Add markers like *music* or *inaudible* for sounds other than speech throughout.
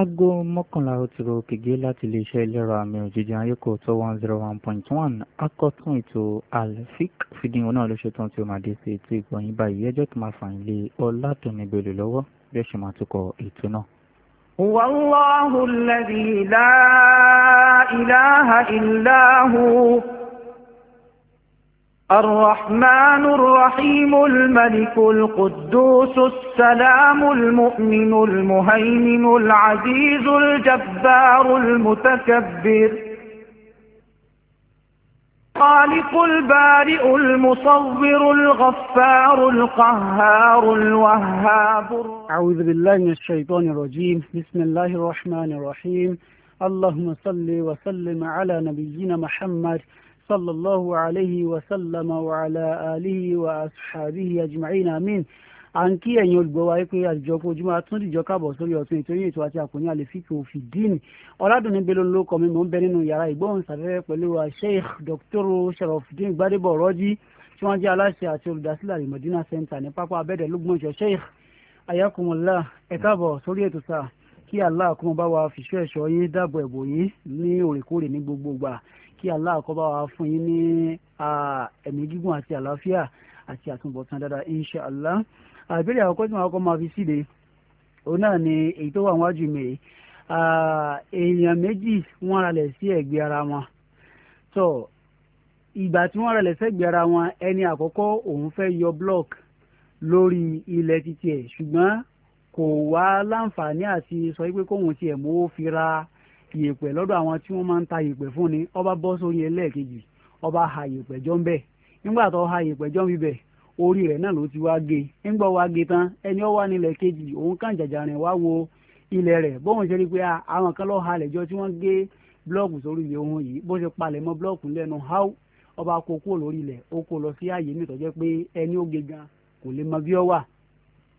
Ago mọ́kànlá ó ti rọ òkègé láti iléeṣẹ́ ìlera àmì òjijì ayéko tó one zero one point one akọ́tún ètò alfik fìdíhùn náà ló ṣetán tí ó máa dé sí etí ìgbọ̀nyìn báyìí ẹjọ́ tó máa fà lé ọlátòmíbelò lọ́wọ́ bí ó ṣe máa tukọ̀ ètò náà. wàláhùn lẹ́bi láìláha ìláhùn. الرحمن الرحيم الملك القدوس السلام المؤمن المهيمن العزيز الجبار المتكبر خالق البارئ المصور الغفار القهار الوهاب أعوذ بالله من الشيطان الرجيم بسم الله الرحمن الرحيم اللهم صل وسلم على نبينا محمد صلى الله عليه وسلم وعلى آله وأصحابه أجمعين آمين à ń kí ẹ̀yin olùgbọ́ wa pé àjọ ojúmọ́ atúndìjọ káàbọ̀ sórí ọ̀tún ètò yìí ètò àti àkùnrin àlefíkì òfin díìnì ọ̀làdùnní belo ló kọ́ mi mò ń bẹ nínú yàrá ìgbóhùnsáfẹ́fẹ́ pẹ̀lú wa sheikh dr sharafdin gbadebo rọ́jí tí wọ́n jẹ́ aláṣẹ àti olùdásílẹ̀ àrèmọ̀dínà center ní pápá abẹ́dẹ̀ lógbòmọ̀ṣọ́ sheikh ayakumullah ẹ káàbọ̀ sórí ètò sáà kí Allah kó bá wa fìṣọ́ ẹ̀ṣọ́ yín dáàbò ẹ̀bò yín ní òrèkóòrè ní gbogbo gbà kí Allah kó bá wa fún yín ní ẹ̀mí gígùn àti àlàáfíà àti àtúbọ̀tán dáadáa insha Allah àbẹ̀rẹ̀ àkọ́kọ́ tí wọn kọ́ máa fi síde òun náà ni èyí tó wà wájú mi èèyàn méjì wọ́n ralẹ̀ sí ẹ̀gbẹ́ ara wọn tó ìgbà tí wọ́n ralẹ̀ sẹ́gbẹ́ ara wọn ẹni àkọ́kọ́ òun fẹ́ yọ block lórí ilẹ̀ títí ẹ̀ ṣùgbọ́n kò wá láǹfààní àti sọ wípé kóhun tiẹ̀ mú ó fi ra kì yèpẹ̀ lọ́dọ̀ àwọn tí wọ́n máa ń ta yèpẹ̀ fún ni ọba bọ́ sórí ẹlẹ́ẹ̀kejì ọba ha yèpẹ̀ jọ ń bẹ̀ nígbà tó ha yèpẹ̀ jọ ń bíbẹ̀ orí rẹ̀ náà ló ti wá ge nígbà wá ge tán ẹni ó wà nílẹ̀ kejì òun kàn jàjà rìn wá wo ilẹ̀ rẹ̀ bóun ṣe rí pé ah, àwọn kan lọ́ọ́ halẹ̀ jọ tí wọ́n gé blọọkù sórí ilẹ̀ òun yìí bó ṣe palẹ̀ mọ́ blọọkù lẹ́nu háù ọba kó kúrò lórí ilẹ̀ ó kó lọ sí ààyè mi tó pé ẹni ó ge gan kò lè mọ bí ó wà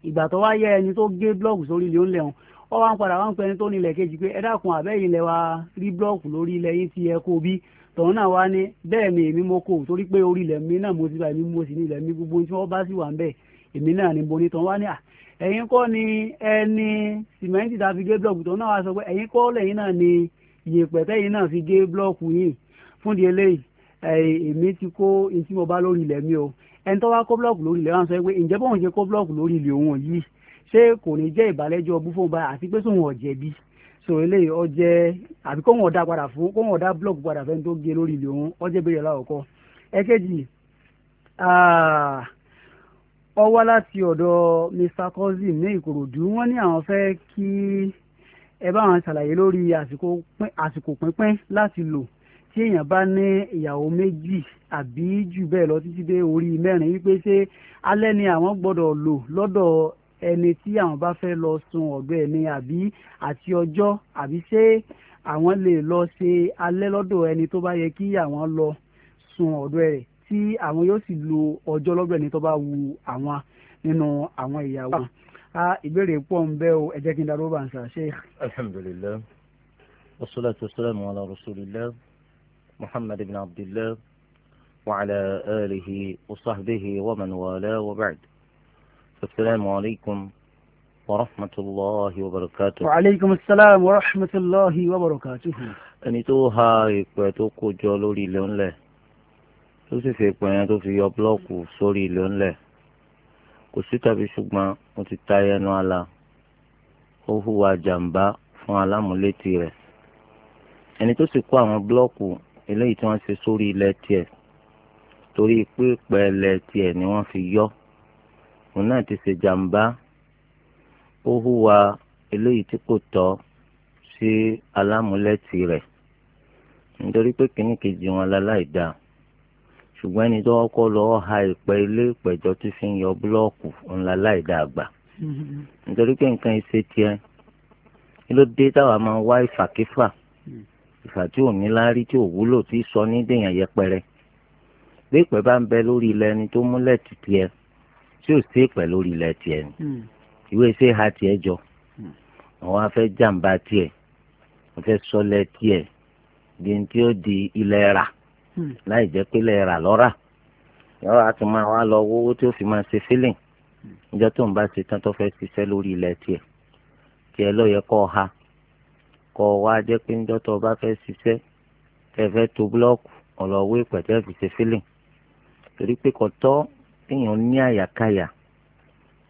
ìgbà tó wá yẹ ẹni tó gé blọọkù sórí ilẹ̀ òun lẹ́hùn ọ wá ń padà wá ń pẹni tó nílẹ̀ kejì pé ẹ dákun àbẹ́yìn lẹ́wà rí búlọ́ọ̀kù lórí ilẹ̀ yín ti ẹ kó bí tọ̀hún náà wá ní bẹ́ẹ̀ ni èmi mo kó torí pé orí ilẹ̀ mi náà mo ti ra èmi mo sì ní ilẹ̀ mi gbogbo tí wọ́n bá sì wà ń bẹ̀ èmi náà ni mo ní tọ̀hún wá ní à ẹ̀yin kọ́ ni ẹni sìmẹ́ǹtì tá a fi gé búlọ́ọ̀kù tọ̀hún náà wá sọ pé ẹ̀yin kọ́ lẹ́yìn náà ni ìyèpẹ̀ tẹ́yìn náà fi gé búlọ́ọ̀kù yìí fúndi eléyìí èmi ti kó ntí bá lórí ilẹ̀ mi o ẹni tó wá kó búlọ́ọ̀kù lórí ilẹ̀ wọn sọ pé ǹjẹ́ bóun ṣe kó búlọ́ọ̀kù lórí ilẹ̀ òun yìí ṣé kò ní jẹ́ ìbálẹ́jọ́ ọbú fún ọba àti pé sóun ọ̀jẹ̀bi so eléyìí ọjẹ́ àbí kó wọn ọ̀dà padà fún kó wọn ọ̀dà blọọkù padà fẹ́ni tó gé lórí ilé òun ọjẹ́ bèrè láwọ̀kọ́ ẹ̀kejì ó wá láti ọ̀dọ̀ Mr Cousin ní Ìkòròdú wọ́n ní àwọn fẹ́ kí ẹ bá wọn ṣàlàyé lórí àsìkò pínpín láti lò tí èèyàn bá ní ìyàwó méjì àbí jù bẹ́ẹ̀ lọ títí dé orí mẹ́rin wípé ṣé alẹ́ ni àwọn gbọ́dọ̀ lò lọ́dọ̀ ẹni tí àwọn bá fẹ́ lọ sun ọ̀gbẹ́ ni àbí àti ọjọ́ àbí ṣé àwọn lè lọ ṣe alẹ́ lọ́dọ̀ ẹni tó bá yẹ kí àwọn lọ sun ọ̀dọ̀ rẹ̀ tí àwọn yóò sì lo ọjọ́ lọ́dọ̀ ẹni tó bá wu àwọn nínú àwọn ìyàwó. ìbéèrè pọ̀ ń bẹ́ o ẹ jẹ́ kí n darúgbà ń sà alhamdulilayi wasalaatu wasalaamu ala rasulillah muhammad ibn abdillah wa ala alihi wa sahbihi wa man wala wa ba'd. السلام عليكم ورحمة الله وبركاته وعليكم السلام ورحمة الله وبركاته ẹni tó ha ìpẹ́ tó kó jọ lórí ilé ńlẹ̀ tó sì fi ìpẹ́ yẹn tó fi yọ búlọ́ọ̀kù sórí ilé ńlẹ̀ kò sí tàbí ṣùgbọ́n mo ti ta ẹnu àlà ó hùwà jàǹbá fún alámúlétì rẹ̀ ẹni tó sì kó àwọn búlọ́ọ̀kù eléyìí tí wọ́n ṣe sórí ilẹ̀ tiẹ̀ torí pé pẹ́ẹ́lẹ̀ tiẹ̀ ni wọ́n fi yọ ọ́ òun náà ti ṣe jàǹbá ó hùwà eléyìí tí kò tọ́ sí alámúlẹ́tì rẹ̀ nítorí pé kìíní kejì wọn láláì dáa ṣùgbọ́n ẹni tó kọ́ lọ ha ìpẹ́ ilé ìpẹ́jọ́ tí fi ń yọ búlọ́ọ̀kù ńlá láì dáa gbà nítorí pé nǹkan ìṣe tiẹ̀ ló táwa máa wá ìfàkífà ìfà tí ò ní láárí tí ò wúlò tí sọ ní dèèyàn yẹpẹrẹ bí ìpẹ́ bá ń bẹ lórí ilẹ̀ ẹni tó múlẹ̀ tìtì tí ò sí pẹ̀ lórí ilẹ̀ tiẹ̀ ni hmm. ìwé ṣe ha tiẹ̀ jọ àwọn hmm. afẹ́ jàǹbá tiẹ̀ wọ́n fẹ́ sọlẹ̀ tiẹ̀ di ní tí ó di ilẹ̀ rà hmm. láì jẹ́ pé ilẹ̀ rà lọ́ra yọ̀ọ́ a tún máa wá lọ owó tí ó fi máa ṣe fílìn níjọ́ tó ń bá ṣe tán tó fẹ́ ṣiṣẹ́ lórí ilẹ̀ tiẹ̀ tiẹ̀ ló yẹ kó ha kó wá jẹ́ pé níjọ́ tó bá fẹ́ ṣiṣẹ́ tẹ́ fẹ́ to búlọ́ọ̀kù ọ̀lọ́wọ́ ìpẹ̀tẹ́ fi ṣe fílìn torí pé kò tọ́ kéèyàn ní àyàkáyà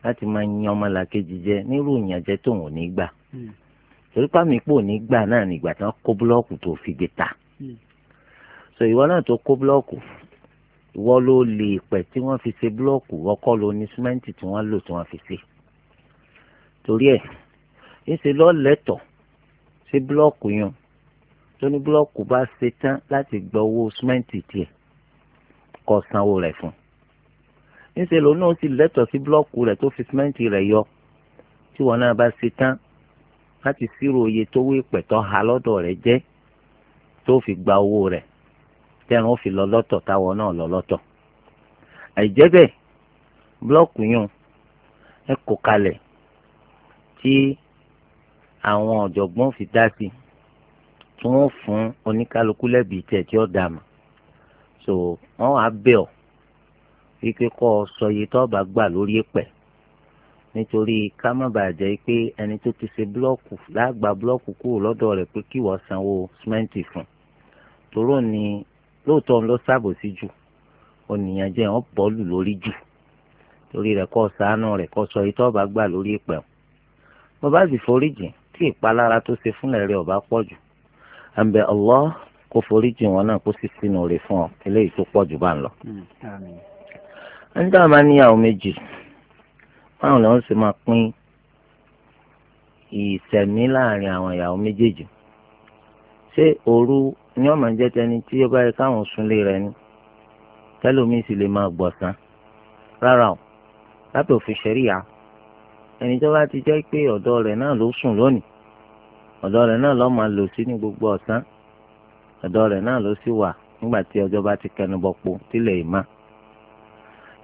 láti máa yan ọmọlàkejì jẹ nírú ìyànjẹ tóun ò ní gbà hmm. torí pàmì pò ní gbà náà nígbà tí wọn kó búlọ́ọ̀kù tó fi gbé ta hmm. so ìwọ náà tó kó búlọ́ọ̀kù ìwọ ló lè pẹ̀ tí wọ́n fi ṣe búlọ́ọ̀kù ọkọ lo ní símẹ́ǹtì tí wọ́n lò tí wọ́n fi ṣe torí ẹ̀ ńṣe lọ́lẹ́tọ̀ sí búlọ́ọ̀kù yẹn tó ní búlọ́ọ̀kù bá ṣe tán láti gba owó símẹ́ǹtì tiẹ̀ kó sanwó rẹ̀ fún un ńṣe lòun náà sì lẹ́tọ̀ọ́ sí búlọ́ọ̀kù rẹ̀ tó fi símẹ́ǹtì rẹ̀ yọ tí wọn náà bá ṣe tán láti ṣírò iye tó wé pẹ̀tọ́ ha lọ́dọ̀ rẹ̀ jẹ́ tó fi gba owó rẹ̀ tẹ́ran ó fi lọ lọ́tọ̀ táwọn náà lọ lọ́tọ̀ àìjẹ́ bẹ́ẹ̀ búlọ́ọ̀kù yàn ẹ kò kalẹ̀ tí àwọn ọ̀jọ̀gbọ́n fi dá sí tí wọ́n fún oníkálukú lẹ́bi tẹ̀ tí ó dà mọ́ so wọ́n wàá bẹ̀ wípé kọ́ ọ sọ iye tó bá gbà lórí ẹ̀pẹ̀ nítorí ká má bàa jẹ́ pé ẹni tó ti ṣe búlọ́ọ̀kù lágbà búlọ́ọ̀kù kúrò lọ́dọ̀ rẹ̀ pé kí wọ́n sanwó símẹ́ǹtì fún tòró ni lóòótọ́ ló ṣàbòsí jù ònìyàn jẹ́ wọ́n bọ́ọ̀lù lórí jù torí rẹ̀ kọ́ ṣàánú rẹ̀ kọ́ sọ iye tó bá gbà lórí ẹ̀pẹ̀ wọn bá sì foríjì tí ìpalára tó ṣe fúnlẹ̀ rẹ̀ ọba pọ̀ jù àǹbẹ̀ Allah kó foríjì wọn náà kó sì sínú rẹ̀ fún ọ eléyìí tó pọ̀ jù bá ń lọ. Hmm, ẹni tá a máa níyàwó méjì báwọn làwọn sì máa pín ìsẹ̀mí láàrin àwọn ìyàwó méjèèjì ṣé òru ni ó máa jẹ́ tẹni tí ó bá yẹ káwọn súnlé rẹ̀ ni tẹ́lómi sì lè máa gbọ̀sán rárá o lábẹ́ òfin ṣẹ̀ríyà ẹni tó bá ti jẹ́ pé ọ̀dọ̀ rẹ̀ náà ló sùn lónìí ọ̀dọ̀ rẹ̀ náà ló máa lò sí ní gbogbo ọ̀sán ọ̀dọ̀ rẹ̀ náà ló sì wà nígbà tí ọjọ́ bá ti kẹnu bọ̀ po tílẹ̀ ìmá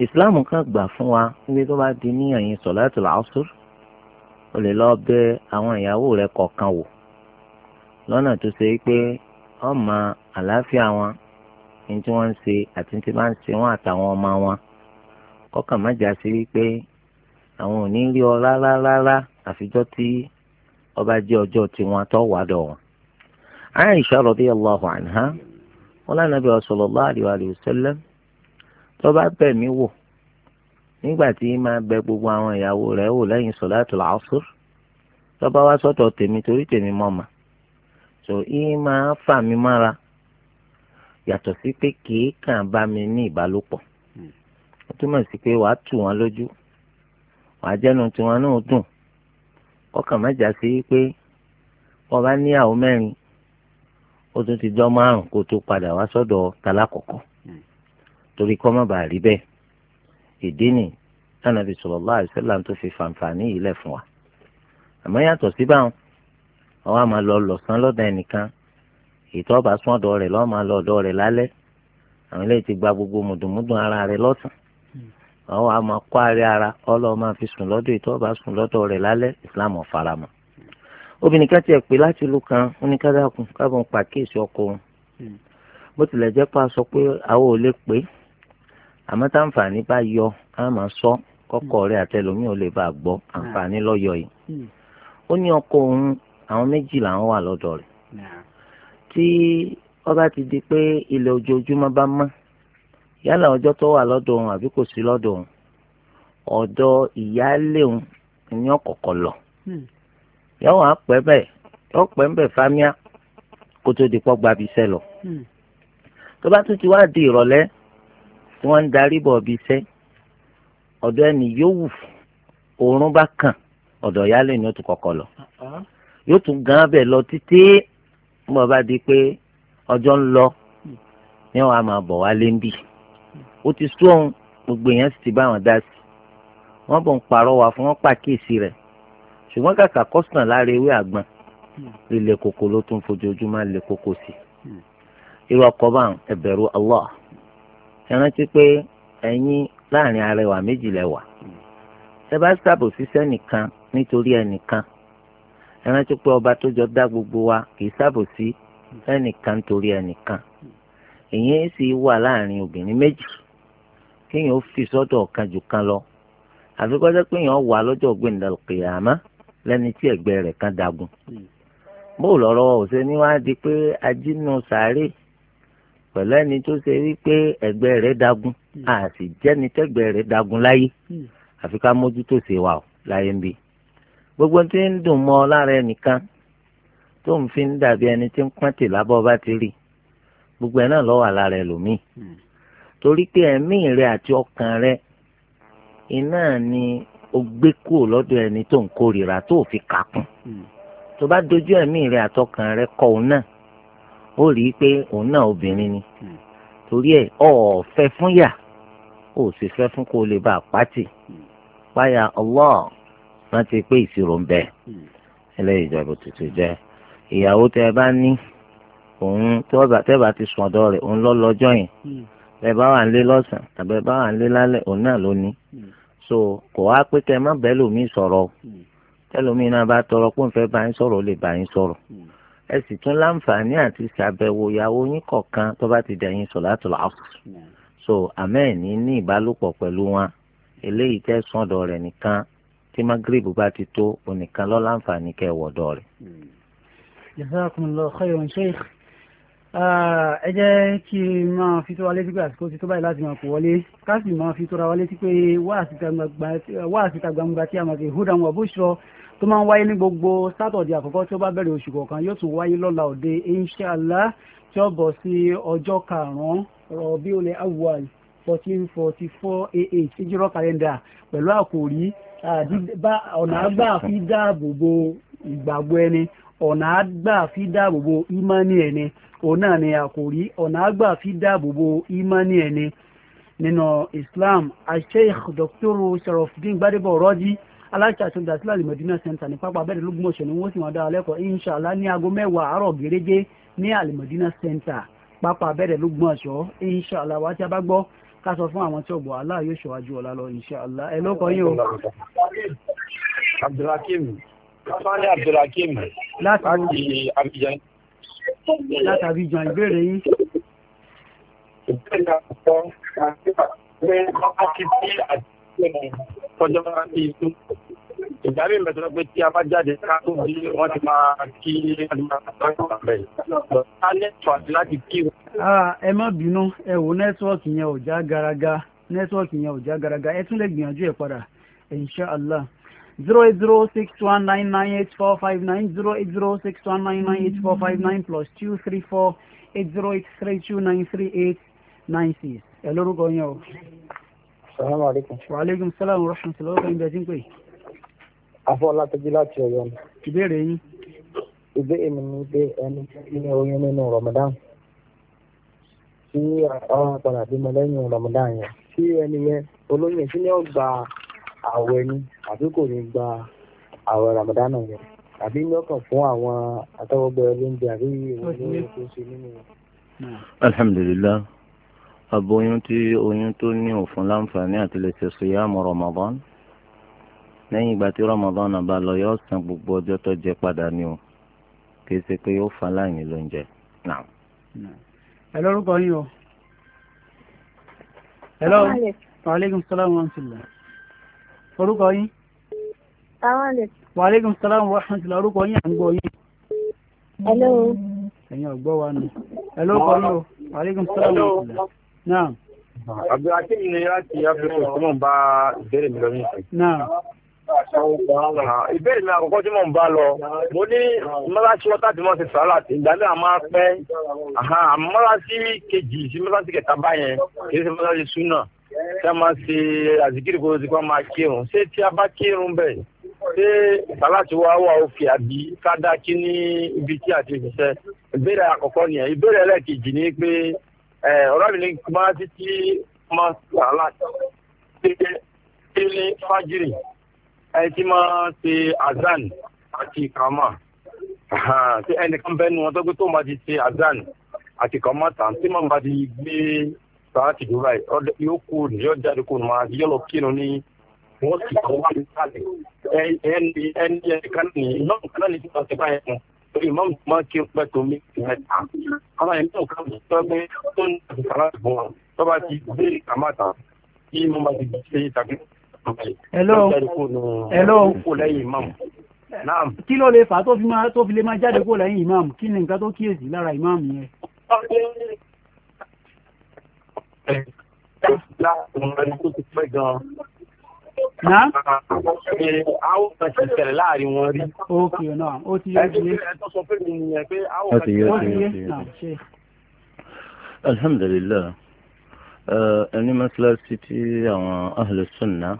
islam kan gbà fún wa níbi tó bá di ní ẹ̀yìn sọ̀láàtì làásùr o lè lọ bẹ àwọn ìyàwó rẹ kọ̀ọ̀kan wò lọ́nà tó ṣe pé ọmọ àlàáfíà wọn ní tí wọ́n ń ṣe àti tí bá ń ṣe wọn àtàwọn ọmọ wọn kọ́kàn má jà sí wípé àwọn ò ní rí ọ rárá rárá àfijọ́ tí bá jẹ́ ọjọ́ tiwọn tó wà dọ̀ wọn. Aisha radiyallahu anha wọn lánàá bí sallallahu alaihi wa sallam tó bá bẹ̀ mí wò nígbà tí máa bẹ gbogbo àwọn ìyàwó rẹ̀ wò lẹ́yìn sọ̀láàtù làásùr tó bá wá sọ́tọ̀ tèmi torí tèmi mọ̀ mà tó yín máa fà mí mára yàtọ̀ sí pé kìí kàn bá mi ní ìbálòpọ̀ hmm. ó túmọ̀ sí pé wàá tù wọ́n lójú wàá jẹ́nu tiwọn náà dùn ọkàn mẹ́jà sí pé wọ́n bá níyàwó mẹ́rin ó tún ti jọ́ márùn-ún kó tó padà wá sọ́dọ̀ tálákọ̀ọ́kọ́ torí kọ́ má bàa rí bẹ́ẹ̀ ìdí ni ànábì sallallahu alaihi wasallam tó fi fàǹfààní yìí lẹ̀ fún wa àmọ́ yàtọ̀ sí báwọn àwọn àmà lọ lọ̀sán lọ́dọ̀ ẹnìkan ìtọ́ bá sún ọ̀dọ̀ rẹ̀ lọ́ọ́ máa lọ ọ̀dọ̀ rẹ̀ lálẹ́ àwọn eléyìí ti gba gbogbo mùdùnmùdùn ara rẹ̀ lọ́sàn àwọn àmà kọ́ àárẹ̀ ara ọlọ́ọ̀ máa fi sùn lọ́dọ̀ ìtọ́ bá sùn lọ́dọ̀ rẹ̀ lálẹ́ ìsìlámù ọ̀faramọ̀ obìnrin kan tiẹ̀ pé láti ìlú kan oníkádàkùn káàbọ̀ ń pàkíyèsí ọkọ òun hmm. bó tilẹ̀ jẹ́ pé a sọ pé àwọn ò lè pè é àmọ́ tá àǹfààní bá yọ á máa sọ kọ́kọ́ hmm. rẹ̀ àtẹlómi ò lè bá a gbọ́ hmm. àǹfààní lọ́yọ̀ yìí hmm. ó ní ọkọ òun àwọn méjì làwọn wà lọ́dọ̀ rẹ̀ tí ọba ti di pé ilẹ̀ ojoojúmọ́ bá mọ́ yálà ọjọ́ tó wà lọ́dọ̀ òun àbí kò sí lọ́dọ̀ òun ọ̀dọ̀ ìyáálé òun ni ọ̀kọ̀kọ̀ lọ yóò wá pẹ́ bẹ́ẹ̀ fámíà kó pọ́ gbabi iṣẹ́ tó bá tún ti wá di ìrọ̀lẹ́ tí wọ́n ń darí bọ̀ bí iṣẹ́ ọ̀dọ̀ ẹni yóò wù oorun bá kàn ọ̀dọ̀ ìyáálé ni ó tún kọ́kọ́ lọ yóò tún gan bẹ̀ lọ títí mo bá di pé ọjọ́ ń lọ ní wàá máa bọ̀ wá lé ń bì ó ti sún òun gbogbo èèyàn sì ti bá wọn dá sí wọ́n bọ̀ ń parọ́ wa fún wọn pàkíyèsí rẹ̀ ṣùgbọ́n kàkà kọ́sùnà lára ewé àgbọn líle koko ló tún fojoojúmọ́ lè koko sí irú ọkọ̀ bá ń ẹ̀bẹ̀rù Allah ẹ rántí pé ẹ̀yin láàrin arẹwà méjì lẹ́wà sebastian bò ṣiṣẹ́ nìkan nítorí ẹnìkan ẹ pé ọba tó jọ dá gbogbo wa kì í ṣàbòsí ẹnìkan torí ẹnìkan laarin sì wà láàrin obìnrin méjì kéèyàn ó fi sọ́dọ̀ kan jù kan lọ àfi kọ́jọ́ pé èèyàn wà lọ́jọ́ gbẹ̀ndàlùkè àmọ́ lẹ́ni tí ẹ̀gbẹ́ rẹ̀ kan dagun hmm. bóòlù ọ̀rọ̀ ọ̀sẹ̀ ni wọ́n di pé ajínú sàárè pẹ̀lú ẹni tó ṣe wípé ẹgbẹ́ rẹ̀ dagun hmm. a sì jẹ́ni tẹ́gbẹ́ rẹ̀ dagun láyé hmm. àfi ká mójútó ṣe wà ó láyé ń bi gbogbo tí ń dùn mọ́ ọ lára ẹnìkan tó ń fi ń dàbí ẹni tí ń pọ́ntì lábọ́ bá ti rí gbogbo ẹ̀ náà lọ́wọ́ lára ẹlòmíì hmm. torí pé ẹ̀mí rẹ àti ọkàn rẹ iná ni o gbé kúrò lọ́dọ̀ ẹni tó ń kórìíra tó fi kà kún tó bá dojú ẹ̀mí rẹ àtọkàn rẹ kọ òun náà ó rí i pé òun náà obìnrin ni hmm. torí ẹ̀ ọ̀ fẹ́ fún yà ó sì fẹ́ fún kó lè bá a pàtì hmm. páyà Allah wọ́n ti pé ìṣirò ń bẹ ẹlẹ́yìí ìjọba tuntun jẹ́ ìyàwó tẹ́ ẹ bá ní òun tẹ́ bá ti sùn ọ̀dọ̀ rẹ̀ òun lọ́ lọ́jọ́ yẹn bẹ́ẹ̀ hmm. bá wà ń lé lọ́sàn-án àbẹ́ bá wà ń lé lálẹ́ òun náà ló ní so kò wá pé kẹ́ ẹ má bẹ́ẹ̀ lómi sọ̀rọ̀ tẹ́lómi náà bá tọrọ pé ń fẹ́ bá yín sọ̀rọ̀ ó lè bá yín sọ̀rọ̀ ẹ sì tún láǹfààní àti ṣàbẹ̀wò ìyàwó yín kọ̀ọ̀kan tó bá ti dẹ̀yìn sọ̀látùl asr so amen, ní ìbálòpọ̀ pẹ̀lú wọn eléyìí tẹ́ sọ́dọ̀ rẹ̀ nìkan tí magrib bá ti tó onìkan ló láǹfààní kẹ́ wọ̀dọ̀ rẹ̀. jazakumullahu khairan sheikh ẹ jẹ́ kí n máa fi tó wa létí pé àsìkò ti tó báyìí láti máa kó wọlé ká sì máa fi tóra wa létí pé wá àsìta gbangba tí a máa fi hudan wa bushra tó máa ń wáyé ní gbogbo sátọ̀dẹ̀ àkọ́kọ́ tí ó bá bẹ̀rẹ̀ oṣù kọ̀ọ̀kan yóò tún wáyé lọ́la òde tí ó bọ̀ sí ọjọ́ karùn-ún fourteen forty four kàlẹ́ndà pẹ̀lú àkòrí ọ̀nà àgbà fi dáàbò bo ìgbàgbọ́ ẹni ọ̀nà àgbà fi dáàbò bo òun náà ni àkòrí ọ̀nà àgbà fi dáàbòbò ìmánì ẹni nínú Islam Sheikh Dr. Sharafdin Gbadebo Rọ́jí aláṣà àti olùdásílẹ̀ alimọ̀dínà center ní pápá abẹ́rẹ́ lógúnmọ̀ṣọ́ ni wọ́n sì wọ́n dá lẹ́kọ̀ọ́ inshàlá ní aago mẹ́wàá àárọ̀ gẹ́gẹ́ ní alimọ̀dínà center pápá abẹ́rẹ́ lógúnmọ̀ṣọ́ inshàlá wa tí a bá gbọ́ ká sọ fún àwọn tí ó gbọ́ Allah yóò ṣọ́wájú ọ̀la lọ inshàlá ẹ lọ́kọ̀ yín o. Abdulhakeem Sani Abdulhakeem láti Abidjan látàrí ìjàn ìbéèrè yín. ìbéèrè àkọ́kọ́ àti ọkọ̀ kí sí àdéhùn ọjọ́ àti ìlú ìdárí mẹ́tọ́ pé tí a bá jáde ká tó bí wọ́n ti máa kí adúláwọ̀ bẹ̀rẹ̀ láti kí. ẹ má bínú ẹ wo nẹ́tíwọ̀kì yẹn ò já garaga nẹ́tíwọ̀kì yẹn ò já garaga ẹ tún lè gbìyànjú ẹ padà insha Allah zero eight zero six one nine nine eight four five nine zero eight zero six one nine nine eight four five nine plus two three four eight zero eight three two nine three eight nine six. ẹ lórúkọ yẹn o. salamu aleykum. wa aleykum salaam wa rahmatulah ọkọ ìgbà tí ń pè. afọlákejì láti Ọ̀yọ́ ni. ìbéèrè yín. ìbéèrè mi ni pé ẹni tí ní oyún nínú Ramadan tí àwọn padà bímọ lẹ́yìn Ramadan yẹn tí ẹni yẹn olóyún yẹn tí ní ọgbà àwẹ̀ ni àbí kò ní gba àwẹ̀ ramadana yẹn àbí lọ́kàn fún àwọn àtọwọ́gbẹ olóúnjẹ àbí ìwọ̀n ní oṣù tó ṣe nínú wọn. alhamdulillah aboyún tí oyún tó ní òfun láǹfààní àti lè ṣe siyam Ramadan lẹ́yìn ìgbà tí Ramadan náà bá lọ yóò san gbogbo ọjọ́ tó jẹ padà ni o kì í ṣe pé ó fa láìní lóúnjẹ náà. ẹ lórúkọ yín o. hello. wa aleykum salaam wa rahmatulah orúkọ yín. wàhálẹ́kùn sálàmù wàhálẹ́kùn orúkọ yín à ń gbọ́ yín. hello. ẹ̀yin ọ̀gbọ́ wa nù. hello kọ́ yín o wàhálẹ́kùn sálàmù wàhálẹ́kùn. náà. abdulhakeem ni láti afrika tó mọ̀ ń bá ìbéèrè mi lọ ní ìsìn. náà. ìbéèrè mi àkọ́kọ́ tí mò ń bá lọ mo ní mọ́láṣí wọ́tá tí wọ́n ti sàrà tí ìgbà náà máa pẹ́ mọ́láṣí kejì sí mọ́láṣí kẹta báyẹn kì í ṣe mọ́láṣí súnà tí a máa ṣe àzìkiri kò tí wọ́n máa kírun ṣé tí a bá kírun bẹ́ẹ̀ ṣé sàláàtì wa wà òkè àbí kádákí ní ibi tí a ti ṣiṣẹ́ ìbéèrè àkọ́kọ́ nìyẹn ìbéèrè ẹlẹ́ẹ̀kejì ni pé ọ̀rọ̀bìnrin máa títí máa sàláàtì ṣe ṣe ní fájìrì ẹni tí máa ṣe azan àti ìkàmà ṣé ẹnìkan bẹ́ẹ̀ ni wọ́n tó gbé tó máa ti ṣe azan àti ìkàmà tàn tí màá bá ti gbé sáàtì dúró báyìí yóò kú ní yóò jáde kó máa yóò lọ kírun ní wọ́n sì kọ́ wá ní sálẹ̀ ẹni ẹni ẹni kan ní ìmọ̀mù kan ní sísọ ti báyìí fún torí ìmọ̀mù máa ń kí pẹ́ tó mi mẹ́ta àwọn ẹni náà kan tó gbé tó ń tàbí sàrà fún wọn tó bá ti gbé àmàtà tí mo bá ti gbé tàbí hello hello kí ló lè fà á tó fi lè máa jáde kó lẹ́yìn ìmáàmù kí ni nǹkan tó kíyèsí lára ìmáàmù yẹn. Náà. Àwọn kan ti ṣẹlẹ̀ láàrin wọn rí. Ok, náà, ó ti yé. Ẹ tó sọ fún mi nìyẹn pé àwọn kan ti ṣẹlẹ̀ náà ṣe. Alhamdulillah, ẹni mọ́sálásí tí àwọn ahlu sunnah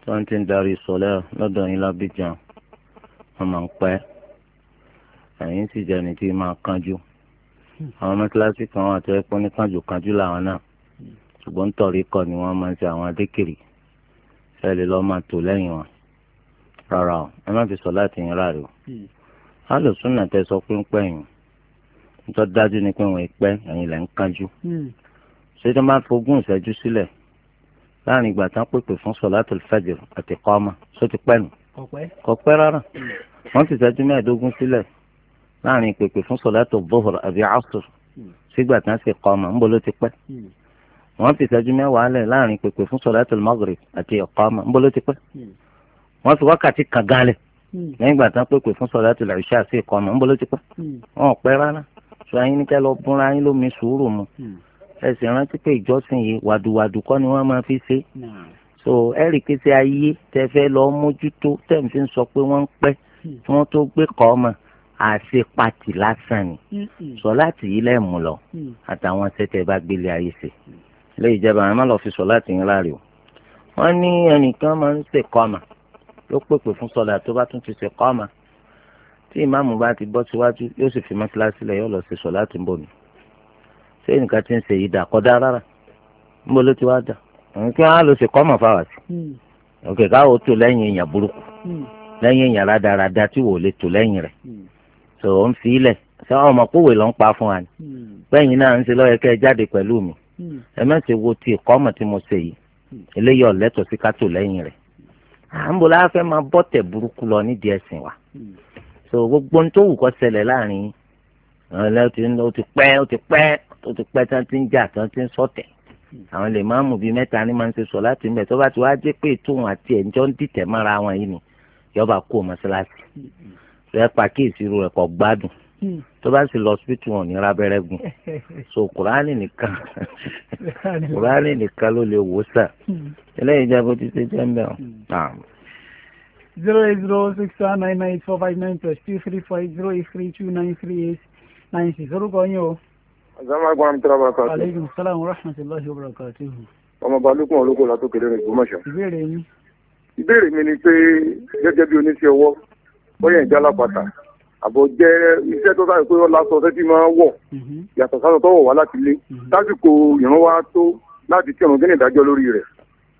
tí wọ́n ti ń darí sọ̀lẹ́ lọ́dọ̀ yín lábíjan, wọ́n máa ń pẹ́. Ẹ̀yin sì jẹ́ ẹni tí máa kánjú àwọn mọ́tíláṣí kan wà tó yẹ pé oníkanjú kanjú làwọn náà ṣùgbọ́n nítorí kọ́ ni wọ́n máa ń ṣe àwọn adékèrè fẹ́ẹ́lì lọ́ọ́ máa tò lẹ́yìn wọn rárá o ẹ má fi sọ láti yín rárá o hmm. alùsùn náà tẹ sọ pé ń pẹ́ yìí nítorí dájú ni pé wọ́n pẹ́ ẹ̀yìn lẹ́ ń kánjú hmm. ṣé tí wọ́n bá fogún ìṣẹ́jú sílẹ̀ láàrin ìgbà tán pèpè fún sọ̀látùl fajr àti kọ́ọ́mà só ti pẹ́ nù kọ̀pẹ́ rárá hmm. wọ́n ti ṣẹ́jú mẹ́ẹ̀ẹ́dógún sílẹ̀ láàrin ìpèpè fún sọ̀látò bọ́ọ̀rù àbí asr sígbà tí wọ́n sì kọ́ ọmọ ńbọ̀ ló ti pẹ́ wọ́n fi ìṣẹ́jú mẹ́wàá lẹ̀ láàrin ìpèpè fún sọ̀látò maghrib àti ẹ̀kọ́ ọmọ ńbọ̀ ló ti pẹ́ wọ́n fi wákàtí kan gálẹ̀ lẹ́yìn ìgbà tí wọ́n pèpè fún sọ̀látò ìṣá sí ẹ̀kọ́ ọmọ ńbọ̀ ló ti pẹ́ wọn ò pẹ́ rárá sọ ayé ní kẹ́ búra ayé lómi sùúrù mu ẹ sì rántí pé ìjọsìn yìí wàdùwàdù kọ́ ni wọ́n máa fi ṣe so ẹ rí pé ṣe ayé tẹ fẹ́ lọ mójútó tẹ̀ ń fi sọ pé wọ́n ń pẹ́ tí wọ́n tó gbé kọ́ ọmọ àṣepatì lásán ni sọláàtì yìí lẹ́ẹ̀mú lọ mm. àtàwọn tẹ́tẹ́ bá gbélé ayé ṣe mm. ilé ìjọba àwọn má lọ fi sọláàtì yín láre o wọ́n ní ẹnìkan máa ń ṣe kọ́mà ló pèpè fún sọlá tó bá tún ti ṣe kọ́mà tí ìmáàmù bá ti bọ́ síwájú yóò sì fi mọ́síláṣí lẹ̀ yóò lọ ṣe sọláàtì ń bọ̀ mi ṣé nǹkan ti ń ṣe yìí dà kọ́dá rárá níbo ló ti wá dà òun kí wọ́n á lọ ṣe kọ́mà fáwọn àti òkè mm. káwọ́ tó lẹ́yìn èèyàn burúkú lẹ́yìn èèyàn rádaràda tí wò lè tó lẹ́yìn rẹ̀ tó ń fi ilẹ̀ ṣé àwọn ọmọ kówè ló ń pa fún wa ni hmm. bẹ́yìn náà ń ṣe lọ́yẹ kẹ́ ẹ jáde pẹ̀lú mi hmm. ẹ mẹ́sẹ̀ wo ti ìkọ́mọ̀ tí mo ṣe yìí hmm. eléyìí ọ̀lẹ́tọ̀ sí kátó lẹ́yìn rẹ̀ à ń bọ̀ láàfẹ́ máa bọ́tẹ̀ burúkú lọ nídìí ẹ̀sìn wa so gbogbo ohun tó wù kó ṣẹlẹ̀ láàrin ọ̀lẹ́ ó ti pẹ́ ó ti pẹ́ ó ti pẹ́ tán ti ń jà tán ti ń sọ̀tẹ̀ àwọn lè máa mú bíi mẹ́ta ní máa ń ṣe sọ láti ń bẹ̀ tó bá ti wá jẹ́ pé tóun àti ẹ̀ńjọ́ ń dìtẹ̀ mọ́ra wọn yìí ni yọba kú mọ́ṣáláṣí rẹ pàkíyèsí irú rẹ kọ gbádùn hmm. tó bá sì lọ síbítù wọn ní rábẹ́rẹ́ gùn *laughs* so kùránì nìkan kùránì nìkan ló lè wò sà hmm. eléyìí jẹ́ bó ti ṣe jẹ́ mbẹ́ o. Hmm. zero eight zero six one nine nine four five nine plus two three four eight zero eight three two nine three eight nine six orúkọ yín o. asalaamualeykum wa rahmatulahi wa barakatuh. aleykum salaam wa rahmatulahi wa barakatuh. ọmọ balùwẹ̀ olóko látó rẹ̀ gbọ́mọ̀ṣọ́. ìbéèrè mi ni pé gẹ́gẹ́ bí oníṣẹ́ ọwọ́ bóyá ìjà alápàtà àbọ̀ jẹ́ iṣẹ́ tó sáré pé ó lásọ sẹ́tì máa wọ̀ mhm. yàtọ̀ sásọ tó wọ̀ wá láti lé mhm. lásìkò ìran wa tó láti kírun kí ni ìdájọ́ lórí rẹ̀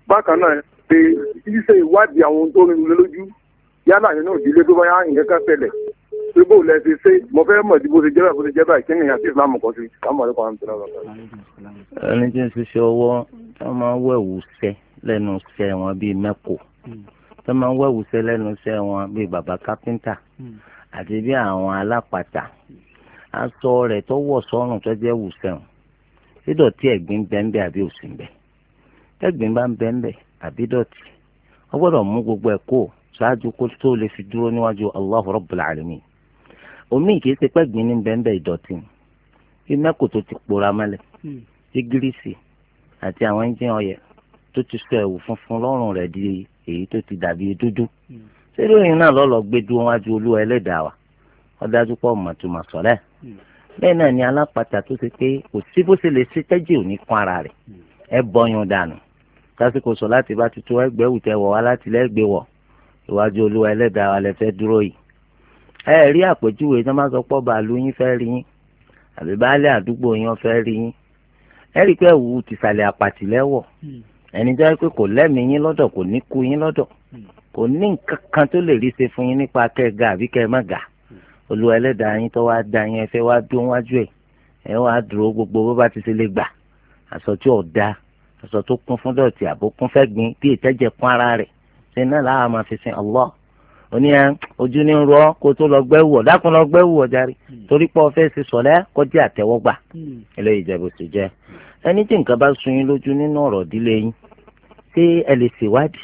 bákan náà pé ṣíṣe ìwádìí àwọn ohun tó rinú lójú yálà nínú ìdílé tó bá yá nǹkan kan ṣẹlẹ̀ pé bó lẹ ṣe ṣe mo fẹ́ mọ̀ bí bó ṣe jẹ́ báyìí bó ṣe jẹ́ báyìí kí àti ìsìlámù kan sí sàmúlẹ̀ tó máa ń wẹ̀wù lẹ́nu iṣẹ́ wọn bíi bàbá kápẹ́ńtà hmm. àti bí àwọn alápàtà aṣọ rẹ̀ tó wọ̀ sọ́rùn tó jẹ́ wù sẹ́wọ̀n sídọ̀tí ẹ̀gbin bẹ́ńbẹ́ àbí òsì ń bẹ tẹ́gbin bá ń bẹ́ńbẹ́ àbí dọ̀tí wọ́n gbọ́dọ̀ mú gbogbo ẹ̀ kó ṣáájú kó tó lè fi dúró níwájú Allahu Rabbul omi kìí ṣe pẹ́gbin ní bẹ́ńbẹ́ ìdọ̀tí bí mẹ́kò tó ti pòórá mẹ́lẹ̀ tí hmm. gírísì àti àwọn ẹ̀ńjìn ọ̀yẹ̀ tó ti sọ ẹ̀wù funfun lọ́rùn rẹ̀ di èyí tó ti dàbí dúdú sẹ́rù yìí náà lọ́lọ́ gbé dúró wájú olúwa ẹlẹ́dàá wa ó dájú pọ̀ mọ̀tòmọ̀ sọ̀rẹ́ bẹ́ẹ̀ náà ni alápatà tó ṣe pé kò sí bó ṣe lè ṣe tẹ́jì òní kún ara rẹ̀ hmm. ẹ bọyún dànù tásìkò sọ láti bá tuntun ẹgbẹ́ òtẹ wọ̀ wá láti lẹ́gbẹ̀ẹ́ wọ̀ ìwájú olúwa ẹlẹ́dàá wa lẹ fẹ́ dúró yìí ẹ rí àpèjúwe tó má sọ pọ̀ bàálù yín fẹ́ rí yín àbí baálé àdúgbò yín fẹ́ rí yín ẹ rí pé ẹ̀wù tìsàlẹ̀ àpàtì lẹ́wọ̀ hmm ẹni tó yẹ pé kò lẹ́mìí yín lọ́dọ̀ kò ní kú yín lọ́dọ̀ kò ní nǹkan kan tó lè rí ṣe fún yín nípa kẹ́ ga àbí kẹ́ má ga olúwa ẹlẹ́dàá yín tó wá da yín ẹ fẹ́ wá dún wájú ẹ̀ ẹ wá dúró gbogbo bó bá ti ṣe lè gbà aṣọ tí ò da aṣọ tó kún fún dọ̀tí àbó kún fẹ́ gbin bí ìtẹ́jẹ̀ kún ara rẹ̀ ṣe náà láwa máa fi sin Allah òní ẹ ojú ní rọ kó tó lọ gbẹ́ wù ọ́ dákun lọ gbẹ́ wù ọ́ járe torí pé ọfẹ́ ṣe sọ̀lẹ́ kó jẹ́ àtẹ́wọ́gbà hmm. eléyìí jẹ́ bó ṣe jẹ́ ẹni tí nǹkan bá sun yín lójú nínú ọ̀rọ̀ ìdílé yín ṣé ẹ lè ṣèwádìí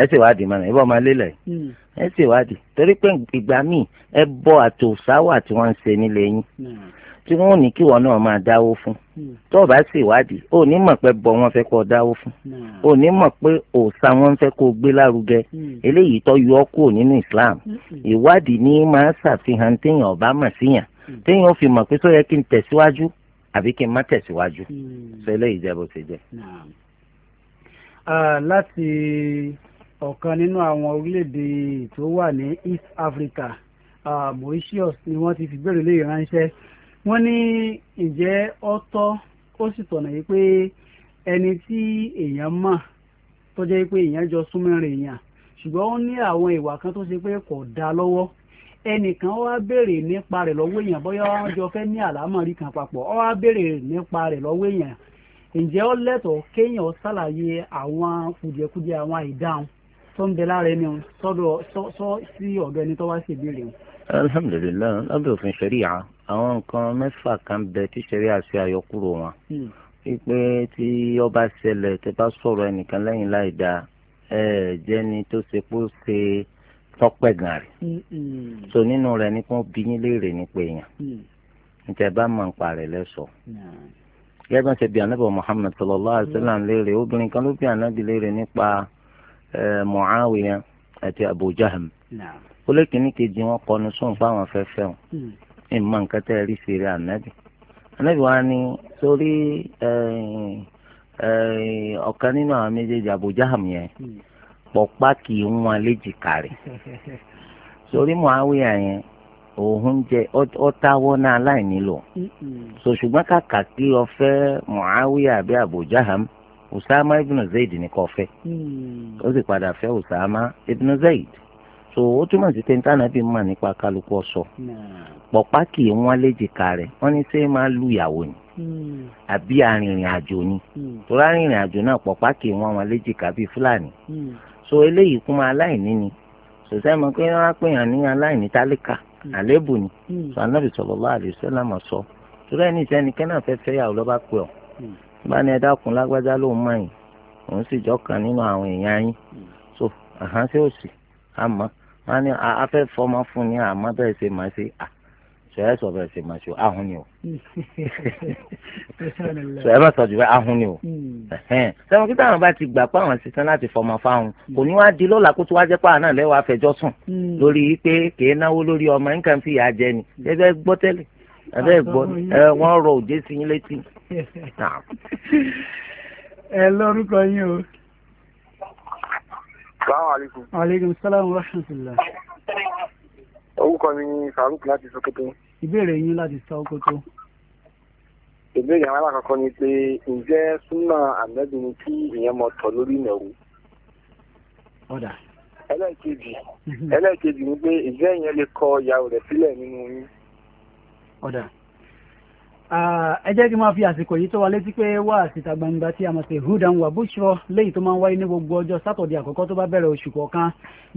ẹ ṣèwádìí mọ́nà ìbọn máa lélẹ̀ hmm. ẹ ṣèwádìí torí pé ìgbà míì ẹ bọ àtòsáwà tí wọ́n ń ṣe nílé yín hmm. tí wọ́n ní kí wọn náà máa dáwó fún hmm. tó o bá ṣèwádìí o ní mọ̀ pé bọ wọn fẹ́ kó dáwó fún o ní mọ̀ pé òòṣà wọn fẹ́ kó gbé lárugẹ eléyìí tó yọ ọ́ kúrò nínú Islam ìwádìí ní máa ṣàfihàn téèyàn ọba mọ̀ síyàn téèyàn fi mọ̀ pé tó yẹ kí n tẹ̀síwájú àbí kí n má tẹ̀síwájú sọ eléyìí jẹ́ bó ṣe jẹ́ láti ọ̀kan nínú àwọn orílẹ̀-èdè tó wà ní East Africa Mauritius ni wọ́n ti fi gbèrò lè ránṣẹ́ wọ́n ní ǹjẹ́ ọ̀tọ̀ ó sì tọ̀nà yìí pé ẹni tí èèyàn mọ̀ tó jẹ́ pé èèyàn jọ súnmọ́rin èèyàn ṣùgbọ́n ó ní àwọn ìwà kan tó ṣe pé kò dáa lọ́wọ́ ẹnìkan wá béèrè nípa rẹ̀ lọ́wọ́ èèyàn bóyá wọ́n jọ fẹ́ ní àlámọ̀rí kan papọ̀ ó wá béèrè nípa rẹ̀ lọ́wọ́ èèyàn ǹjẹ́ ó lẹ́tọ̀ọ́ kéèyàn ṣàlàyé àwọn kùdìẹ̀kudiẹ àwọn àìdáhùn tó ń bẹ lára ẹni sọ́dọ̀ sí ọ̀dọ̀ ẹni tó wá sí ìbéèrè wọn. alhamdulilayi lábẹ́ òfin ṣẹ̀ríà àwọn nǹkan mẹ́fà kan bẹ tí ṣẹ̀ríà ṣe àyọkúrò wọn pípé hmm. tí ọba ṣẹlẹ̀ tẹ bá sọ̀rọ̀ ẹnìkan lẹ́yìn láì dáa jẹ́ni tó ṣe pé ṣe tọ́pẹ́ gan rẹ̀ hmm, hmm. so nínú rẹ̀ ni kò bí yín léèrè nípa èèyàn níta bá mọ̀ ń parẹ́ lẹ́sọ̀ọ́ gẹ́gbọ́n ṣe bí anábọ̀ Muhammad sallallahu alaihi wasallam léèrè obìnrin kan ló bí anábì léèrè nípa Muawiya àti Abu Jahm ó lé kìíní kejì wọn kọnu sóun fáwọn afẹ́fẹ́ wọn ìmọ̀ nǹkan tẹ́ ẹ rí fèrè anábì anábì wa ni sórí ọ̀kan nínú àwọn méjèèjì Abu yẹn hmm. pọ̀pá kì í wọn léjìká rẹ̀ *laughs* sórí Muawiya yẹn òun jẹ ọ táwọ́ náà so ṣùgbọ́n kàkà kí o Muawiya àbí Abu Jaham Usama ibn Zayd ni kò mm. ó sì padà fẹ́ Usama ibn Zayd so ó túmọ̀ sí tẹ́ńtà náà fi mọ̀ nípa kálukú ọ̀sọ̀ pọ̀pá kì léjìká rẹ̀ wọ́n ní ma lu ìyàwó ni mm. àbí arìnrìn àjò ni mm. to arìnrìn àjò náà pọ̀pá kì wọn léjìká bíi Fúlàní so eléyìí kún máa ni mọ̀ pé wọ́n á pè ní aláìní tálíkà Hmm. àlébù ni hmm. sọ anábì sallallahu alaihi wasallam sọ torí ẹni ìsẹ́ni kẹ́nà fẹ́ fẹ́ yàwó lọ́ba pẹ́ ọ̀ bá ní ẹ̀dá kun lágbájá ló ń mọ̀yìn òun sì jọ kan nínú àwọn èèyàn yín hmm. so àhánṣe òsì àmọ́ wọn á ní afẹ́ fọmọ fún ni àmọ́ bẹ́ẹ̀ ṣe máa ṣe à sọ ẹ sọ bẹ́ẹ̀ ṣe máa ṣe ahun ni o sọ ẹ bá sọ jù bẹ́ẹ̀ ahun ni o sẹ́wọ̀n hmm. kíkọ́ àwọn bá ti gbà pé àwọn ṣetán láti fọmọ fáwọn hmm. kò ní wá di lọ́la kó tó wá jẹ́ pé àwọn náà lẹ́wọ̀ afẹjọ́ sùn hmm. lórí pé kì í náwó lórí ọmọ nǹkan fi yà jẹ ni ẹ bẹ́ẹ̀ gbọ́ tẹ́lẹ̀ ẹ bẹ́ẹ̀ gbọ́ ẹ wọ́n rọ òde sí yín létí. ẹ lórúkọ yín o. salaamaleykum. aleykum salaam wa rahmatulah. orúkọ mi ni Faruk láti Sokoto ìbéèrè yín láti sá ọkọ tó. ìbéèrè àwọn alákọ̀ọ́kọ́ ni pé ǹjẹ́ súnà àmẹ́bí ni kí ìyẹn mọ tọ̀ lórí ìnáwó. ọ̀dà. ẹlẹ́ẹ̀kejì mhm. ẹlẹ́ẹ̀kejì ni pé ǹjẹ́ ìyẹn lè kọ ìyàwó rẹ̀ sílẹ̀ nínú yín. ọ̀dà ẹ jẹ́ kí n máa fi àsìkò yìí tó wa létí pé wá síta gbangba tí a máa ṣe hudan wa bushro léyìí tó máa ń wáyé ní gbogbo ọjọ́ sátọ̀dẹ̀ àkọ́kọ́ tó bá bẹ̀rẹ̀ oṣù kọ̀ọ̀kan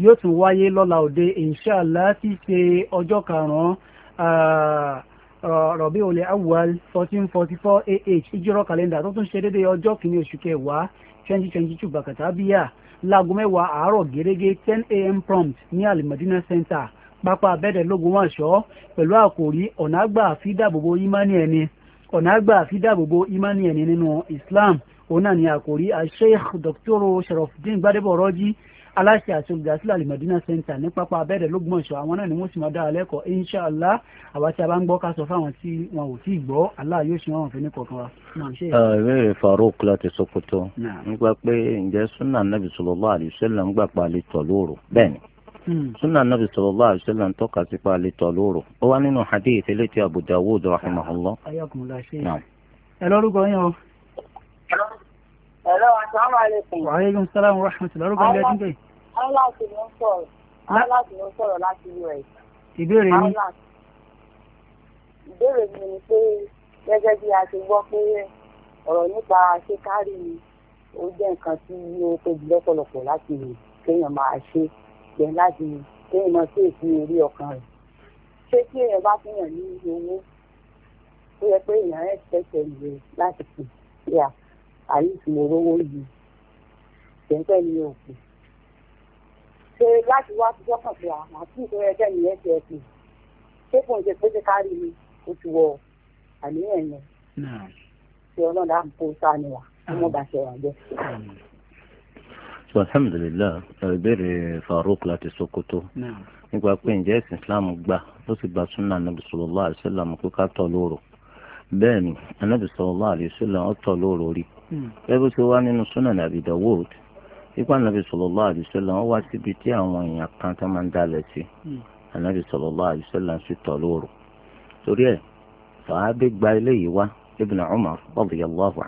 yóò tún wáyé lọ́la òde inshallah ti ṣe ọjọ́ karùn-ún rọ̀bí olè awal fourteen forty four AH ìjírọ̀ kàlẹ́ndà tó tún ṣe déédéé ọjọ́ kìíní oṣù kẹwàá twenty twenty two bàkàtà bíyà láago mẹ́wàá àárọ̀ gẹ́gẹ́ ten a.m. prompt ní alimadina center pápá abẹ́dẹ̀ lógun wàṣọ pẹ̀lú àkòrí ọ̀nà àgbà àfídàbòbò ìmánì ẹni ọ̀nà àgbà àfídàbòbò ìmánì ẹni nínú Islam òun náà ni àkòrí Sheikh Dr. Sharafdin Gbadebo Rọ́jí aláṣẹ àti olùdásílẹ̀ alimọ̀dínà center ní pápá abẹ́rẹ́ lọ́gbọ̀nsọ̀ àwọn náà ni wọ́n sì máa dára lẹ́kọ̀ọ́ inṣàlá àwa tí a bá ń gbọ́ ká sọ fáwọn tí wọn ò tí ì gbọ́ Allah yóò ṣe wọn fún ní kọ̀ọ̀kan wa. ìbéèrè Farouk láti Sokoto nígbà pé ǹjẹ́ sunna nabi sallallahu alaihi wasallam ń gbà pa àlè tọ̀ lóru bẹ́ẹ̀ ni hmm. sunna nabi sallallahu alaihi wasallam ń tọ́ka sí pa àlè tọ̀ lóru ó wá nínú hadith eléyìí tí Abu Dawud rahimahullah. Ah, ẹ lórúkọ yín o. Hello, assalamu Aláàtì ló ń sọ̀rọ̀. Aláàtì ló ń sọ̀rọ̀ láti US. Ìbéèrè mi. Ìbéèrè mi ni pé gẹ́gẹ́ bí a ti gbọ́ pé ọ̀rọ̀ nípa ṣé kárí ni ó jẹ́ nǹkan tí ó tóbi lọ́pọ̀lọpọ̀ láti kéèyàn máa ṣe jẹ́ láti kéèyàn máa ṣe ìpín orí ọkàn rẹ̀. Ṣé kí èèyàn bá fún yàn ní owó ó yẹ pé èèyàn rẹ̀ tẹ̀sẹ̀ lè láti pè é à àyè ìfìmọ̀ owó yìí. Ṣé ń pẹ́ ni òkú? ṣe láti wá sí sọ́kàn pé àmọ́ tí ìṣòro ẹgbẹ́ nìyẹn ti ẹ̀ pè ṣé kò ń ṣe pé ṣe kárí mi kò ti wọ àníyàn yẹn ṣe ọlọ́run dáhùn kó sáà ni wà kí wọ́n bá ṣe wà jẹ́. alhamdulilayi ìbéèrè Farouk láti Sokoto nípa pé ǹjẹ́ ẹ̀sìn Islam gbà ó sì gba súnà nàbì sallallahu alaihi wasallam kó ká tọ̀ lóru bẹ́ẹ̀ ni nàbì sallallahu alaihi wasallam ó tọ̀ lóru rí hmm. ẹ bó ṣe wá ikú ànábì sallallahu alaihi wasallam wá síbi tí àwọn èèyàn kan tó máa ń dalẹ̀ sí hmm. ànábì lóru torí ẹ, sàábé gba eléyìí wá ibn Umar radiyallahu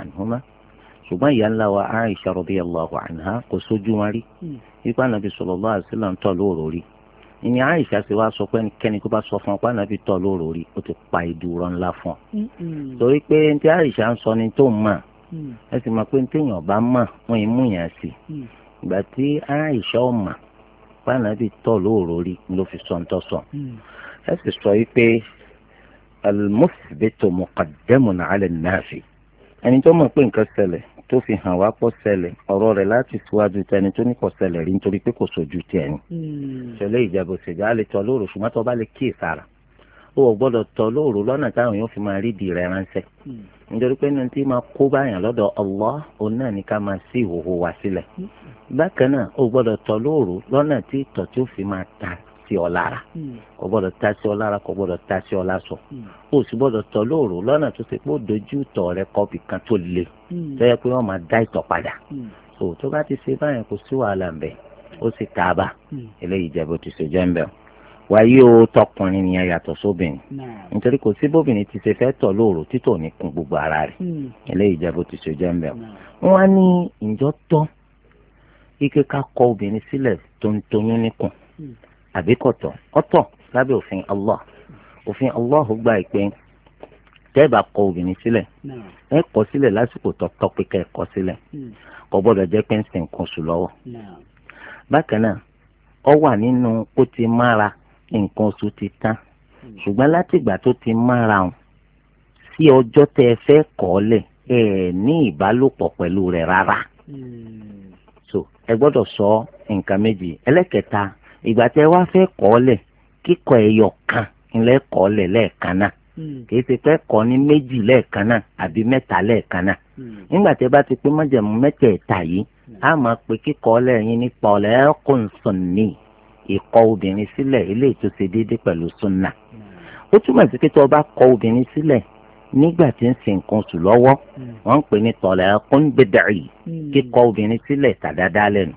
ìyá ńlá wa Aisha radiyallahu anha kò sójú wọn rí hmm. ikú ànábì sallallahu alaihi wasallam tọ̀ lóru rí ìyẹn àìsà sì wá sọ pé bá sọ fún ọ pé lóru rí ti pa ìdúró ńlá ọ. Hmm. torí pé ń sọ ni tó ẹ sì pé ìgbà tí aráàlíṣà ọmọ pàànàbí tọ̀ lóòrò rí ló fi sọ ntọ́ sọ hmm. ẹ sì sọ yìí pé al-muthbitu muqaddamun ala an-nafi ẹni tó mọ̀ pé nǹkan ṣẹlẹ̀ tó fi hàn wá pọ̀ ṣẹlẹ̀ ọ̀rọ̀ rẹ̀ láti síwájú tẹni tó ní kò ṣẹlẹ̀ rí nítorí pé kò sojú tiẹ̀ ni hmm. ṣẹlẹ̀ ìjẹ́bù ṣèjà lè tọ́ lóòrò ṣùgbọ́n tó bá lè kíyè sára o ò gbọ́dọ̀ tọ́ lóòrò lọ́nà táwọn yóò fi máa rí di rẹ̀ ránṣẹ́ hmm. nítorí pé ní tí máa kó báyàn lọ́dọ̀ Allah òun náà ní ká máa sí o hmm. gbọ́dọ̀ tọ́ lóòrò lọ́nà tí ìtọ̀ tí ó fi máa ta sí ọ lára hmm. kò gbọ́dọ̀ ta sí ọ lára kò ta sí ọ lásọ o sì gbọ́dọ̀ tọ́ lóòrò lọ́nà tó ṣe pé ó dojú ìtọ̀ rẹ kan tó le tó yẹ pé wọ́n máa dá ìtọ̀ padà tó taaba eléyìí bó ti wáyé o tọkùnrin nìyẹn yàtọ̀ sóbìnrin nítorí kò sí bóbìnrin ti ṣe fẹ́ tọ̀ lóòrò títò ní kun gbogbo ara rẹ̀ hmm. eléyìí jẹ́ bó ti ṣe jẹ́ ń bẹ̀ wọ́n á ní ìjọ tọ́ ike ká kọ obìnrin sílẹ̀ tó ń toyún níkùn hmm. àbí kọ̀tọ̀ ọ̀tọ̀ lábẹ́ òfin Allah òfin Allah gba ìpè tẹ́ẹ̀bà kọ obìnrin sílẹ̀ ẹ kọ sílẹ̀ lásìkò tọ́tọ́ pé ká ẹ kọ sílẹ̀ hmm. kò gbọ́dọ̀ jẹ́ pẹ́ńsì nǹkan sùn lọ́wọ́ bákan náà ọ wà nínú ó ti mára nǹkan oṣù ti tán ṣùgbọ́n látìgbà tó ti mára hàn sí ọjọ́ tẹ ẹ fẹ́ kọ́ lẹ̀ ẹ ní ìbálòpọ̀ pẹ̀lú rẹ̀ rárá so ẹ gbọ́dọ̀ sọ nǹkan méjì ẹlẹ́kẹta ìgbà tẹ wá kíkọ ẹyọ kan kọ́ lẹ̀ lẹ́ẹ̀kan náà kìí ṣe pé kọ́ ní méjì lẹ́ẹ̀kan náà àbí mẹ́ta lẹ́ẹ̀kan náà nígbà tẹ bá ti pé mẹ́tẹ̀ẹ̀ta yìí máa ìkọ obìnrin sílẹ̀ eléyìí tó ṣe déédé pẹ̀lú súnà ó túmọ̀ sí pé tó o bá kọ obìnrin sílẹ̀ nígbà tí ń sin nǹkan oṣù lọ́wọ́ wọ́n ń pè ní tọ̀lẹ̀ kún bẹ́dàrí kíkọ obìnrin sílẹ̀ tàdáadáa lẹ́nu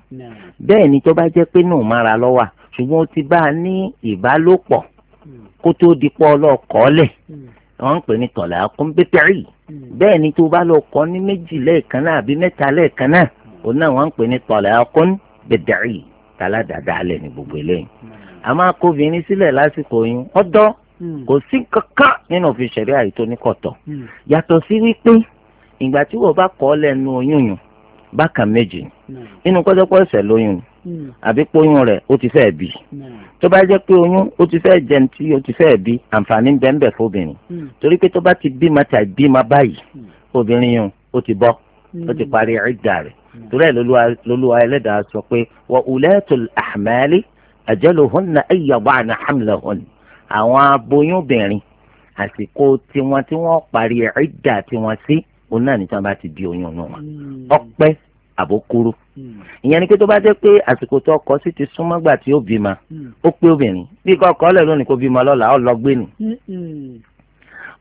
bẹ́ẹ̀ ni tó bá jẹ́ pé nù mára lọ́wọ́ ṣùgbọ́n ó ti bá a ní ìbálòpọ̀ kó tó di pọ́ ọlọ́ọ̀kọ́lẹ̀ wọ́n ń pè ní tọ̀lẹ̀ kún bẹ́ẹ̀ ni tó bá lọ kọ́ ní méjì lẹ́ẹ̀kan náà àbí mẹ́ta lẹ́ẹ̀kan náà òun náà wọ́n ń pè ní tọ̀lẹ̀ kún taládàdàlẹ̀ ní gbogbo eléyìí àmọ́ akóbìnrin sílẹ̀ lásìkò yín ọ̀dọ́ hmm. kò sí kankan nínú òfin ṣẹ̀ríà yìí tó ní kọ̀tọ̀ hmm. yàtọ̀ sí wípé ìgbà tí wọ́n bá kọ́ lẹ́nu oyún yùn bákan méjì nínú hmm. kọ́sẹ́kọ́ ẹ̀sẹ̀ lóyún àbí póyún rẹ̀ ó ti fẹ́ bí tó bá jẹ́ pé oyún ó ti fẹ́ jẹun tí ó ti fẹ́ bí àǹfààní ń bẹ ń torí pé tó bá ti bímọ tàbí bímọ báyìí obìnrin yìí ó ti bọ́ ó ti parí ìdá rẹ̀ torí ẹ̀ lolúwa ẹlẹ́dàá sọ pé wa ulatul ahmali ajaluhunna an yada'na hamlahun àwọn aboyún obìnrin àsìkò tiwọn tí wọ́n parí idda tiwọn sí òun náà níta bá ti di oyún nù wọn hmm. ọpẹ́ àbókúrú hmm. ìyẹn ni pé tó bá jẹ́ pé àsìkò tó ọkọ sí ti súnmọ́ gbà tí ó bímọ hmm. ó pé obìnrin bí kò ọkọ lẹ̀ lónìí kó bímọ lọ́la ó lọ gbé nì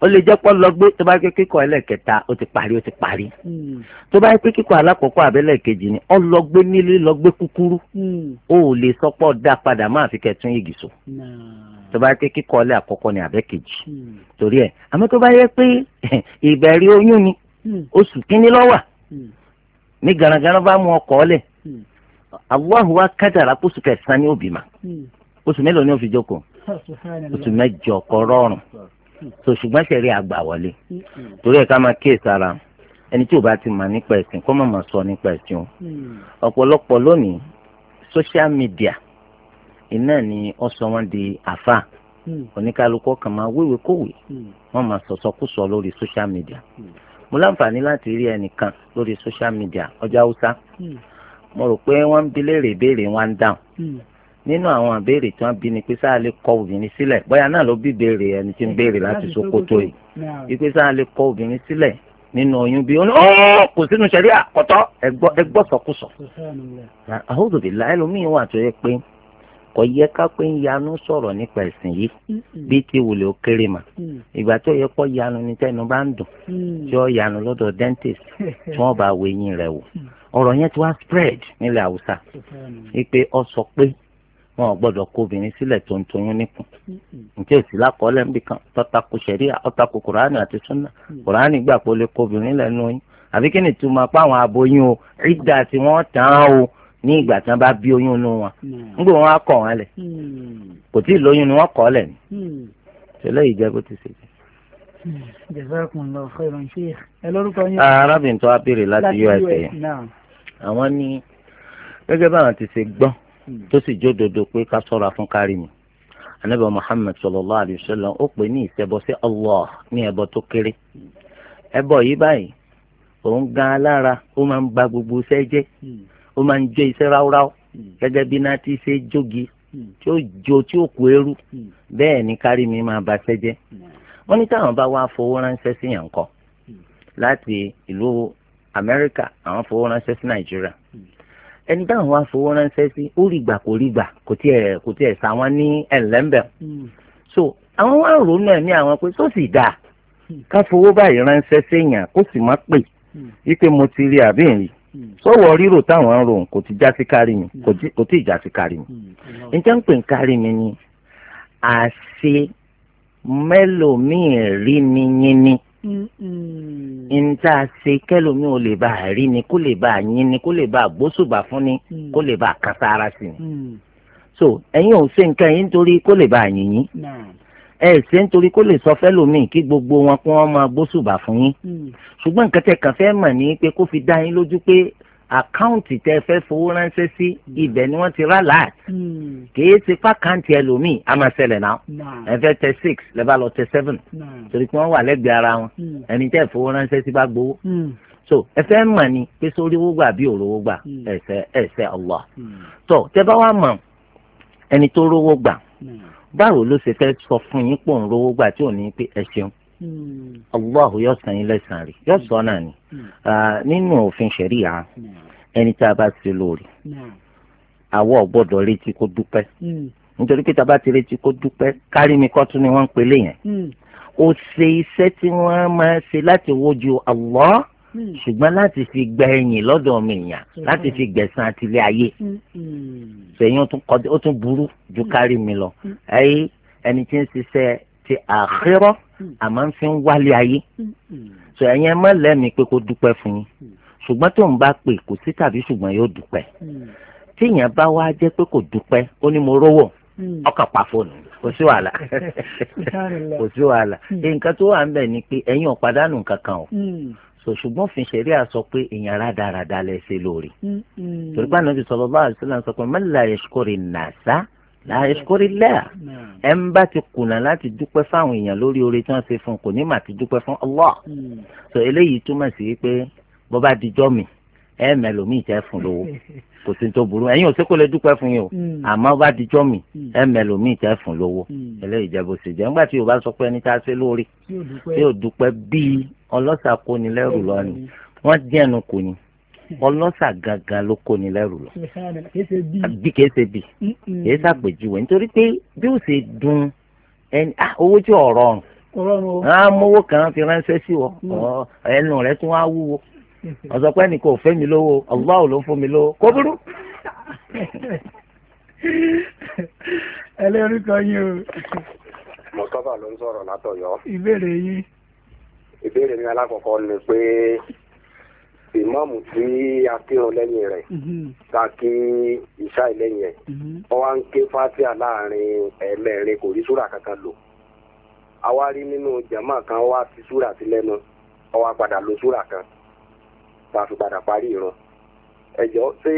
ó lè jẹ́ pọ́ lọ gbé tó bá pé kíkọ́ ẹlẹ́kẹta ó ti parí ó ti parí hmm. tó bá pé kíkọ́ alákọ̀ọ́kọ́ àbẹ́lẹ̀ kejì ni ó lọ gbé nílé lọ gbé kúkúrú hmm. ó ò lè sọpọ́ dá padà máa fi kẹtún igi so tó bá pé kíkọ́ ẹlẹ́ àkọ́kọ́ ni àbẹ́ kejì hmm. torí ẹ̀ àmọ́ tó bá yẹ pé *laughs* ìbẹ̀rẹ̀ oyún ni oṣù kínní lọ́wà ní garagaran bá mú ọkọ̀ ọ̀lẹ̀ Allahu wa kádàrá kóṣù kẹsàn-án ni ó bímọ oṣù mélòó ni ó fi jókòó oṣù mẹ́jọ kọ́ rọrùn so ṣùgbọ́n ṣẹ̀rí àgbà wọlé torí ẹ̀ ká máa kíyè sára ẹni tí ò bá ti mà nípa ẹ̀sìn kó má máa sọ nípa ẹ̀sìn o ọ̀pọ̀lọpọ̀ lónìí social media iná ni ó sọ wọ́n di àfà oníkálukọ́ kan máa wéwèé kówè wọ́n máa sọ̀sọ́kùsọ lórí social media mo láǹfààní láti rí ẹnìkan lórí social media ọjà haúsá mo rò pé wọ́n ń bi léèrè wọn dáhùn nínú àwọn àbẹ̀rẹ̀ tí wọ́n bí ni pé sáà lè kọ obìnrin sílẹ̀ bóyá náà ló bí béèrè ẹni tí ń béèrè láti Sokoto yìí wípé sáà lè kọ obìnrin sílẹ̀ nínú oyún bí ó ní ọ́ọ́ kò sínú sẹ́rí àkọ́tọ́ ẹgbọ́ sọkúsọ. àhóòdù bí láì lómìn wà tó yẹ pé kò yẹ ká pé ń yanu sọ̀rọ̀ nípa ẹ̀sìn yìí bí ti wùlé ó mà mm. ìgbà tó yẹ kó yanu ní tẹnu bá ń dùn mm. tí ó yanu lọ́dọ̀ dentist tí wọ́n bá wo eyín rẹ̀ *laughs* ọ̀rọ̀ yẹn ti wá spread nílẹ̀ haúsá wípé ọ sọ pé wọn ò gbọ́dọ̀ kó obìnrin sílẹ̀ tó ń toyún níkùn njẹ́ èsì lákọọ́lẹ̀ ń bì kan tọ́takù sẹ̀ríà ọ̀takù kùránì àti súnà kùránì gbà pé ó lè kó obìnrin lẹ́nu oyún àbí kí ni túmọ̀ pé àwọn aboyún o ìdá tí wọ́n tàn án o ní ìgbà tí wọ́n bá bí oyún inú wọn nígbà hmm. wọn á kọ̀ wọn lẹ̀ hmm. kò tí ì lóyún ni wọ́n kọ̀ ọ́ lẹ̀ ni tẹ́lẹ̀ hmm. ìjẹ́ bó ti ṣe jẹ́. Jazakumullahu khairan sheikh. ẹ lórúkọ yín. Ah, arábìnrin láti usa àwọn ní gẹ́gẹ́ báwọn ti ṣe gbọ́n tó sì jó dodo pé ká sọ́ra fún kárí mi muhammed sallallahu alayhi wa sallam ó pè ní ìṣẹbọ sí allah ní ẹbọ tó kéré ẹbọ yìí báyìí òun gan alára ó máa ń ba gbogbo iṣẹ́ jẹ́ ó máa ń jó iṣẹ́ ráúráú gẹ́gẹ́ bí náà ti ṣe jógi tí ó jó tí ó kú eérú bẹ́ẹ̀ ni kárí máa ba iṣẹ́ jẹ́ wọ́n ní táwọn bá wá fowó ránṣẹ́ sí yàn kọ́ láti ìlú amẹ́ríkà àwọn fowó ránṣẹ́ sí nàìjíríà ẹni táwọn wá fowó ránṣẹ́ sí ó rí gbà kò rí gbà kò tiẹ̀ kò tiẹ̀ sá wọn ní ẹ̀ńlẹ́ńbẹ̀ hmm. so àwọn wá ronú ẹ̀mí àwọn pé tó sì dáa hmm. ká fowó báyìí ránṣẹ́ séèyàn kó sì má pè hmm. wípé mo ti rí àbí ìrìn sọ̀wọ́ rírò táwọn ń ròhùn kò ti já sí kárí mi kò tí ì já sí kárí mi ǹjẹ́ ń pè ń kárí mi ni àṣe mélòó mi rí ni yín ni. Mm nta ṣe kẹlòmí ò lè bá rí ni kó lè bá yín ni kó lè bá gbósùbà fún ni mm. kó lè bá kasa ara sí ni mm. so ẹ̀yin ò ṣe nǹkan yín nítorí kó lè bá a yìn yín ẹ ṣe nítorí kó lè sọ fẹ́lòmíì kí gbogbo wọn kó wọn máa gbósùbà fún yín mm. ṣùgbọ́n nǹkan tẹ́ kàn fẹ́ mọ̀ ní pé kó fi dá yín lójú pé àkáǹtì tẹ fẹ́ fowó ránṣẹ́ sí hmm. ibẹ̀ ni wọ́n ti rà láàt hmm. kìí ti fàkàǹtì ẹlòmíì a máa ṣẹlẹ̀ náà ẹ fẹ́ tẹ six lẹ́bàá lọ tẹ seven torí pé wọ́n wà lẹ́gbẹ̀ẹ́ ara wọn hmm. ẹni tẹ́ fowó ránṣẹ́ sí bá gbowó so ẹ fẹ́ mọ̀ ni pé sórí owó gbà bí òrówó gbà ẹ̀sẹ̀ ẹ̀sẹ̀ Allah tó tẹ bá wà mọ̀ ẹni tó rówó gbà báwo ló ṣe fẹ́ sọ fún yín pò ń rówó gbà tí ò ní pé ẹ ṣeun allahu yóò san yín lẹ́sàn rẹ̀ yóò sọ náà ni hmm. ah, nínú òfin ṣẹ̀ríà hmm. ẹni tá a bá ti lóore hmm. àwọ̀ gbọ́dọ̀ retí kó dúpẹ́ nítorí pé tá a bá ti retí kó dúpẹ́ kárí mi kọ́tún ni wọ́n ń pelé yẹn ó ṣe iṣẹ́ tí wọ́n máa ṣe láti wojú allah ṣùgbọ́n láti fi gba ẹ̀yìn lọ́dọ̀ mi yàn láti fi gbẹ̀san àtìlẹ́ ayé ṣèyí ó tún burú ju kárí mi lọ ẹ̀yìn ẹni tí ń ṣiṣẹ́ ti àxírọ́ àmọ́ ń fi ń wálé ayé sọ ẹ̀yin ẹ má lẹ́mìí pé kó dúpẹ́ fún yín ṣùgbọ́n tó ń bá pè kò sí tàbí ṣùgbọ́n yóò dúpẹ́ tíyẹn bá wá jẹ́ pé kò dúpẹ́ ó ní mo rówó ọkàn pa fóònù kò sí wàhálà kò sí wàhálà nǹkan tó wà ń bẹ̀ ni pé ẹ̀yin ò pàdánù kankan o so ṣùgbọ́n òfin ṣẹ̀ríà sọ pé èèyàn rádaràda lẹ́sẹ̀ lórí mm, mm. torí pé Ànábì sallallahu alaihi wasallam sọ pé man la yashkuri nasa láyéṣkórè lẹ́à ẹ̀ ń bá ti kùnà láti dúpẹ́ fáwọn èèyàn lórí oore tí wọ́n ṣe fún un kò ní mà ti dúpẹ́ fún Allah hmm. so eléyìí túmọ̀ sí pé bó bá dijọ́ mi ẹ mẹlòmíì tẹ fún lówó *laughs* kò sí tó burú ẹ̀yin ò sí kò lè dúpẹ́ fún yín o hmm. àmọ́ bá dijọ́ mi hmm. ẹ mẹlòmíì tẹ fún lówó eléyìí jẹ́ bó ṣe jẹ́ nígbà tí Yorùbá sọ pé ẹni tá a ṣe lórí tí dúpẹ́ bíi ọlọ́sàkónilẹ́rù lọ́ni wọ́n dín ẹnu kò ní ọlọ́sà gangan ló kó ni lẹ́rù lọ bí kìí ṣe bì kìí ṣàpèjúwe nítorí pé bí ó ṣe dun ẹni ah, owó tí ò rọrùn á mówó kan fi ránṣẹ́ sí ọ mm. ẹnu rẹ tún á wúwo ọ̀sọ̀pẹ́ *laughs* nìkan ò fẹ́ mi lówó ọ̀gbáwò ló fún mi lówó kó burú. *laughs* ẹlẹ́rìí kan yín o. Mustapha ló ń sọ̀rọ̀ látọ̀yọ́. ìbéèrè yín. ìbéèrè mi alákọ̀ọ́kọ́ ni pé ìmáàmù tí a kírun lẹ́yìn rẹ̀ mm-hmm. ta kí ìṣá ìlẹ́yìn ẹ̀ mm-hmm. wọ́n wá ń ké fátíà láàrin ẹ̀ẹ̀mẹ́rin kò rí súrà kankan lò àwa rí nínú jàmáà kan wá ti súrà sí lẹ́nu ó wá lo súrà kan tá a parí ìran ẹ̀jọ́ ṣé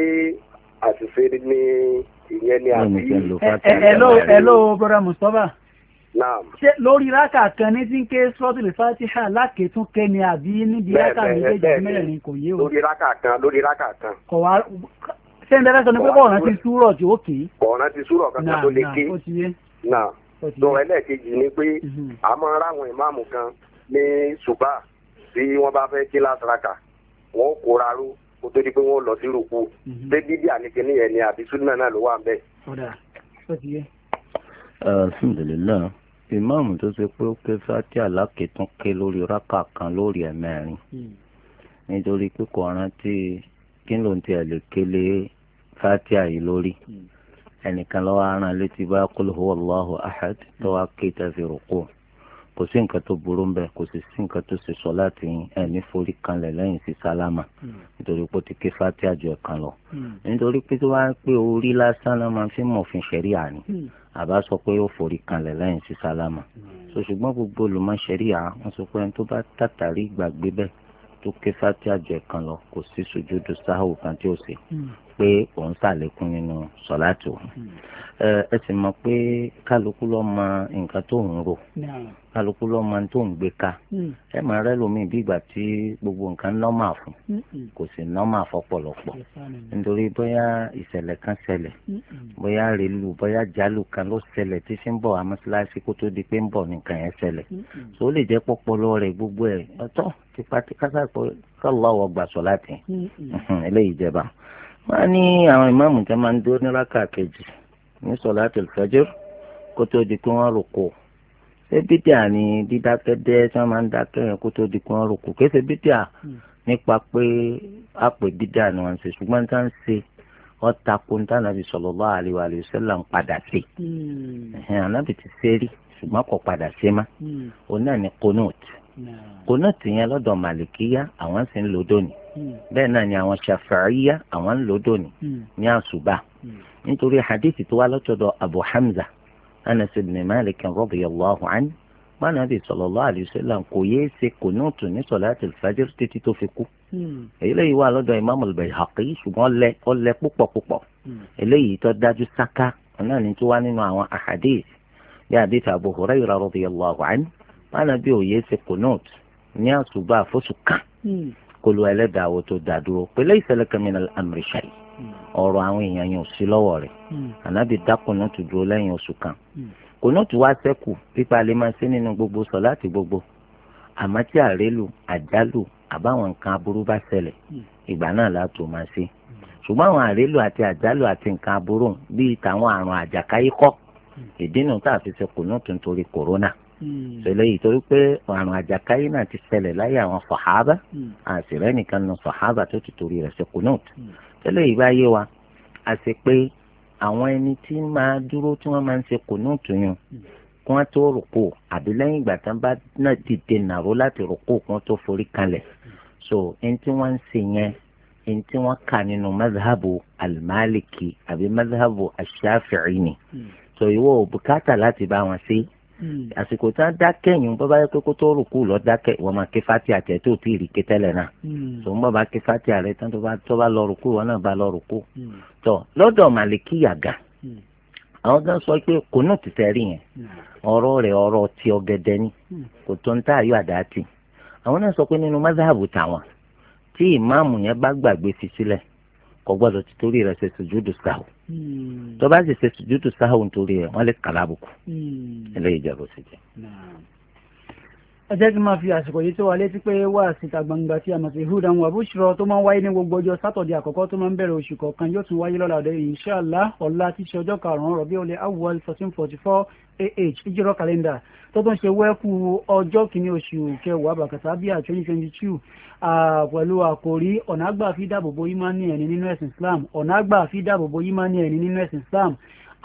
àṣìṣe ni ìyẹn ni àbí. ẹ ẹ ẹ ló ẹ ló brother Mustapha ṣé lórí rákà kan ní tí ń ké sọ́tìlì fatiha lákètún ké ni àbí níbi rákà méjèèjì mẹ́rin kò yé o. lórí rákà kan lórí rákà kan. kò wá ṣé ń dẹ́rẹ́ sọ ni pé kọ̀ọ̀rán ti súrọ̀ tí ó kì í. kọ̀ọ̀rán ti súrọ̀ kankan tó lè ké. náà tó ẹlẹ́ẹ̀kejì ni pé mhm. a máa ráwọn ìmáàmù kan ní ṣùbà tí wọ́n bá fẹ́ kí lásìrákà wọ́n kóra ró kó tó di pé wọ́n lọ sí rúkú pé mhm. bíbí àníkíní yẹn ni àbí súnmọ́ náà ló wà ń bẹ̀. alhamdulilayi ìmáàmù tó ṣe pé ó ké fati alákètún ké lórí rákà kan lórí ẹ̀mẹ́rin hmm. nítorí pé kò rántí kí ló ń tiẹ̀ lè kélé fati àyè lórí hmm. ẹnìkan lọ́wọ́ aràn létí bá kúlù hu Allahu ahad tó wá ké tẹ̀sí rúkú kò sí nǹkan tó burú ń bẹ kò sì sí nǹkan tó ṣe sọ láti ẹni forí kanlẹ̀ lẹ́yìn sí sálámà hmm. nítorí pé ó ti ké fati àjọ ẹ̀kan lọ nítorí pé tó wá pé orí lásán ló máa fi mọ̀ òfin ṣẹ̀ríà ni àbá sọ pé ó forí kanlẹ̀ lẹ́yìn sí sálámà hmm. so ṣùgbọ́n gbogbo olùmọ̀ṣẹ́ríà wọ́n sọ pé ẹni tó bá tàtàrí gbàgbé bẹ́ẹ̀ tó ké fatiha jẹ kan lọ kò sí sojúdu sáhù kan tí ó ṣe hmm. pé òun ṣàlékún nínú sọ̀láàtì òun hmm. ẹ sì mọ̀ pé kálukú ló mọ nǹkan tó ń kálukú mọ tó ń gbé ká hmm. ẹ máa rẹ lómi bí ìgbà tí gbogbo nǹkan nọ́mà fún hmm, kò sí nọ́mà fọ́pọ̀lọpọ̀ nítorí bóyá ìṣẹ̀lẹ̀ kan ṣẹlẹ̀ bóyá rèlú bóyá jálù kan ló ṣẹlẹ̀ tí fi ń bọ̀ kó tó di pé ń bọ̀ nǹkan yẹn ṣẹlẹ̀ tó lè jẹ́ pọ́pọ́lọ gbogbo ẹ̀ ọ̀tọ̀ tipátipá kọ́ lọ́wọ́ wọ́n á ní àwọn ìmáàmù tí wọ́n máa ń dúró ní rákà kejì ní sọ̀látul fajr kó tó di pé wọ́n rùkù ṣé bídíà ni dídákẹ́ dẹ́ tí wọ́n máa ń dákẹ́ yẹn kó tó di pé wọ́n rùkù kí bídíà nípa pé àpè bídíà ni wọ́n ṣe ṣùgbọ́n tá ń ṣe ọ̀tà kóńtà nàbì sallallahu alaihi wa sallam padà sí hmm. ẹ̀hìn ànábì ti ṣe rí ṣùgbọ́n kò padà ṣe má hmm. òun ni qunut kùnà tìyẹn lọ́dọ̀ màlìkíyà àwọn sì ń lò dòní hmm. bẹ́ẹ̀ náà ni àwọn ṣàfàríyà àwọn ń lò dòní hmm. ní àṣùbà hmm. nítorí hadith tó wá lọ́tọ̀dọ̀ abu hamza anas ibn malik radiyallahu anhu báwọn àbí sallallahu alaihi wasallam kò yéé ṣe kunutu ní salatul fajr títí tó fi kú eléyìí wà lọ́dọ̀ imam al-Bayhaqi ṣùgbọ́n lẹ ọ lẹ púpọ̀ púpọ̀ eléyìí tó dájú sáká náà ní tó wá nínú àwọn ahadith bí hadith abu hurairah radiyallahu anhu bánàbí òye ṣe conot ní àṣùbà fóṣù kan hmm. kolu ẹlẹ́dàá wo tó dá dúró pẹ̀lú ìṣẹ̀lẹ̀ kẹ́mínà amúrìṣàyí ọ̀rọ̀ àwọn èèyàn yẹn ò sí lọ́wọ́ rẹ̀ hmm. ànábì dá kùnọ́tù dúró lẹ́yìn oṣù kan hmm. kùnọ́tù wá sẹ́kù pípa lè máa ṣe nínú gbogbo sọ láti gbogbo àmọ́ tí àrélù àjálù àbáwọn nǹkan aburú bá ṣẹlẹ̀ ìgbà náà látò máa ṣe ṣùgbọ́n àwọn àrélù àti àjálù àti nǹkan aburú bíi tàwọn àrùn àjàkáyé kọ́ ìdínà tá a fi ṣe kùnọ́tù nítorí kòrónà ṣẹlẹ̀ hmm. yìí torí pé àrùn àjàkáyé náà ti ṣẹlẹ̀ láyé àwọn sàhábà àṣìrẹ́ hmm. nìkan nu sàhábà tó ti torí rẹ̀ ṣe kùnúùt ṣẹlẹ̀ hmm. yìí bá yé wa àṣẹ pé àwọn ẹni tí máa dúró tí wọ́n máa ń ṣe kùnúùt yun kí wọ́n tó rùkú àbí lẹ́yìn ìgbà tán bá náà dìde nàró láti rùkú kí wọ́n tó forí kalẹ̀ so ẹni tí wọ́n ń ṣe yẹn ẹni tí wọ́n kà nínú madhabu almaliki àbí madhabu ashafi'i so ìwọ ò bùkátà láti bá wọn ṣe àsìkò tá a dákẹ́ yìí bó bá yẹ kó tó rùkú lọ dákẹ́ wọ́n máa ké fati àtẹ tó ti rí ké tẹ́lẹ̀ náà tó ń bọ̀ bá ké fati àrẹ tán tó bá tó bá lọ rùkú wọn náà bá lọ rùkú hmm. tọ lọ́dọ̀ màlìkí yàgà hmm. àwọn sọ pé kò náà ti tẹ̀rí yẹn hmm. ọ̀rọ̀ rẹ̀ ọ̀rọ̀ ti ọ̀gẹ̀dẹ̀ ni kò tó tó bá sì ṣe sùjúdù sáhùn torí ẹ̀ wọ́n lè kàlábùkù eléyìí jẹ́ bó ṣe jẹ́ ẹ jẹ́ kí n máa fi àsìkò yìí tó wa létí pé wá síta gbangba tí a mọ̀ sí hudan wa bushra tó máa ń wáyé ní gbogbo ọjọ́ sátọ̀dẹ̀ àkọ́kọ́ tó máa ń bẹ̀rẹ̀ oṣù kọ̀ọ̀kan yóò tún wáyé lọ́la ọ̀dọ̀ inṣàlá ọ̀la tí ṣe ọjọ́ karùn-ún rọ̀bí olè awwal fourteen ah ìjírọ̀ kàlẹ́ndà tó tún ṣe wẹ́kú ọjọ́ kìíní oṣù kẹwàá bàkàtà bíà twenty twenty Islam ọ̀nà àgbà fi dáàbòbò ìmánì ẹni nínú Islam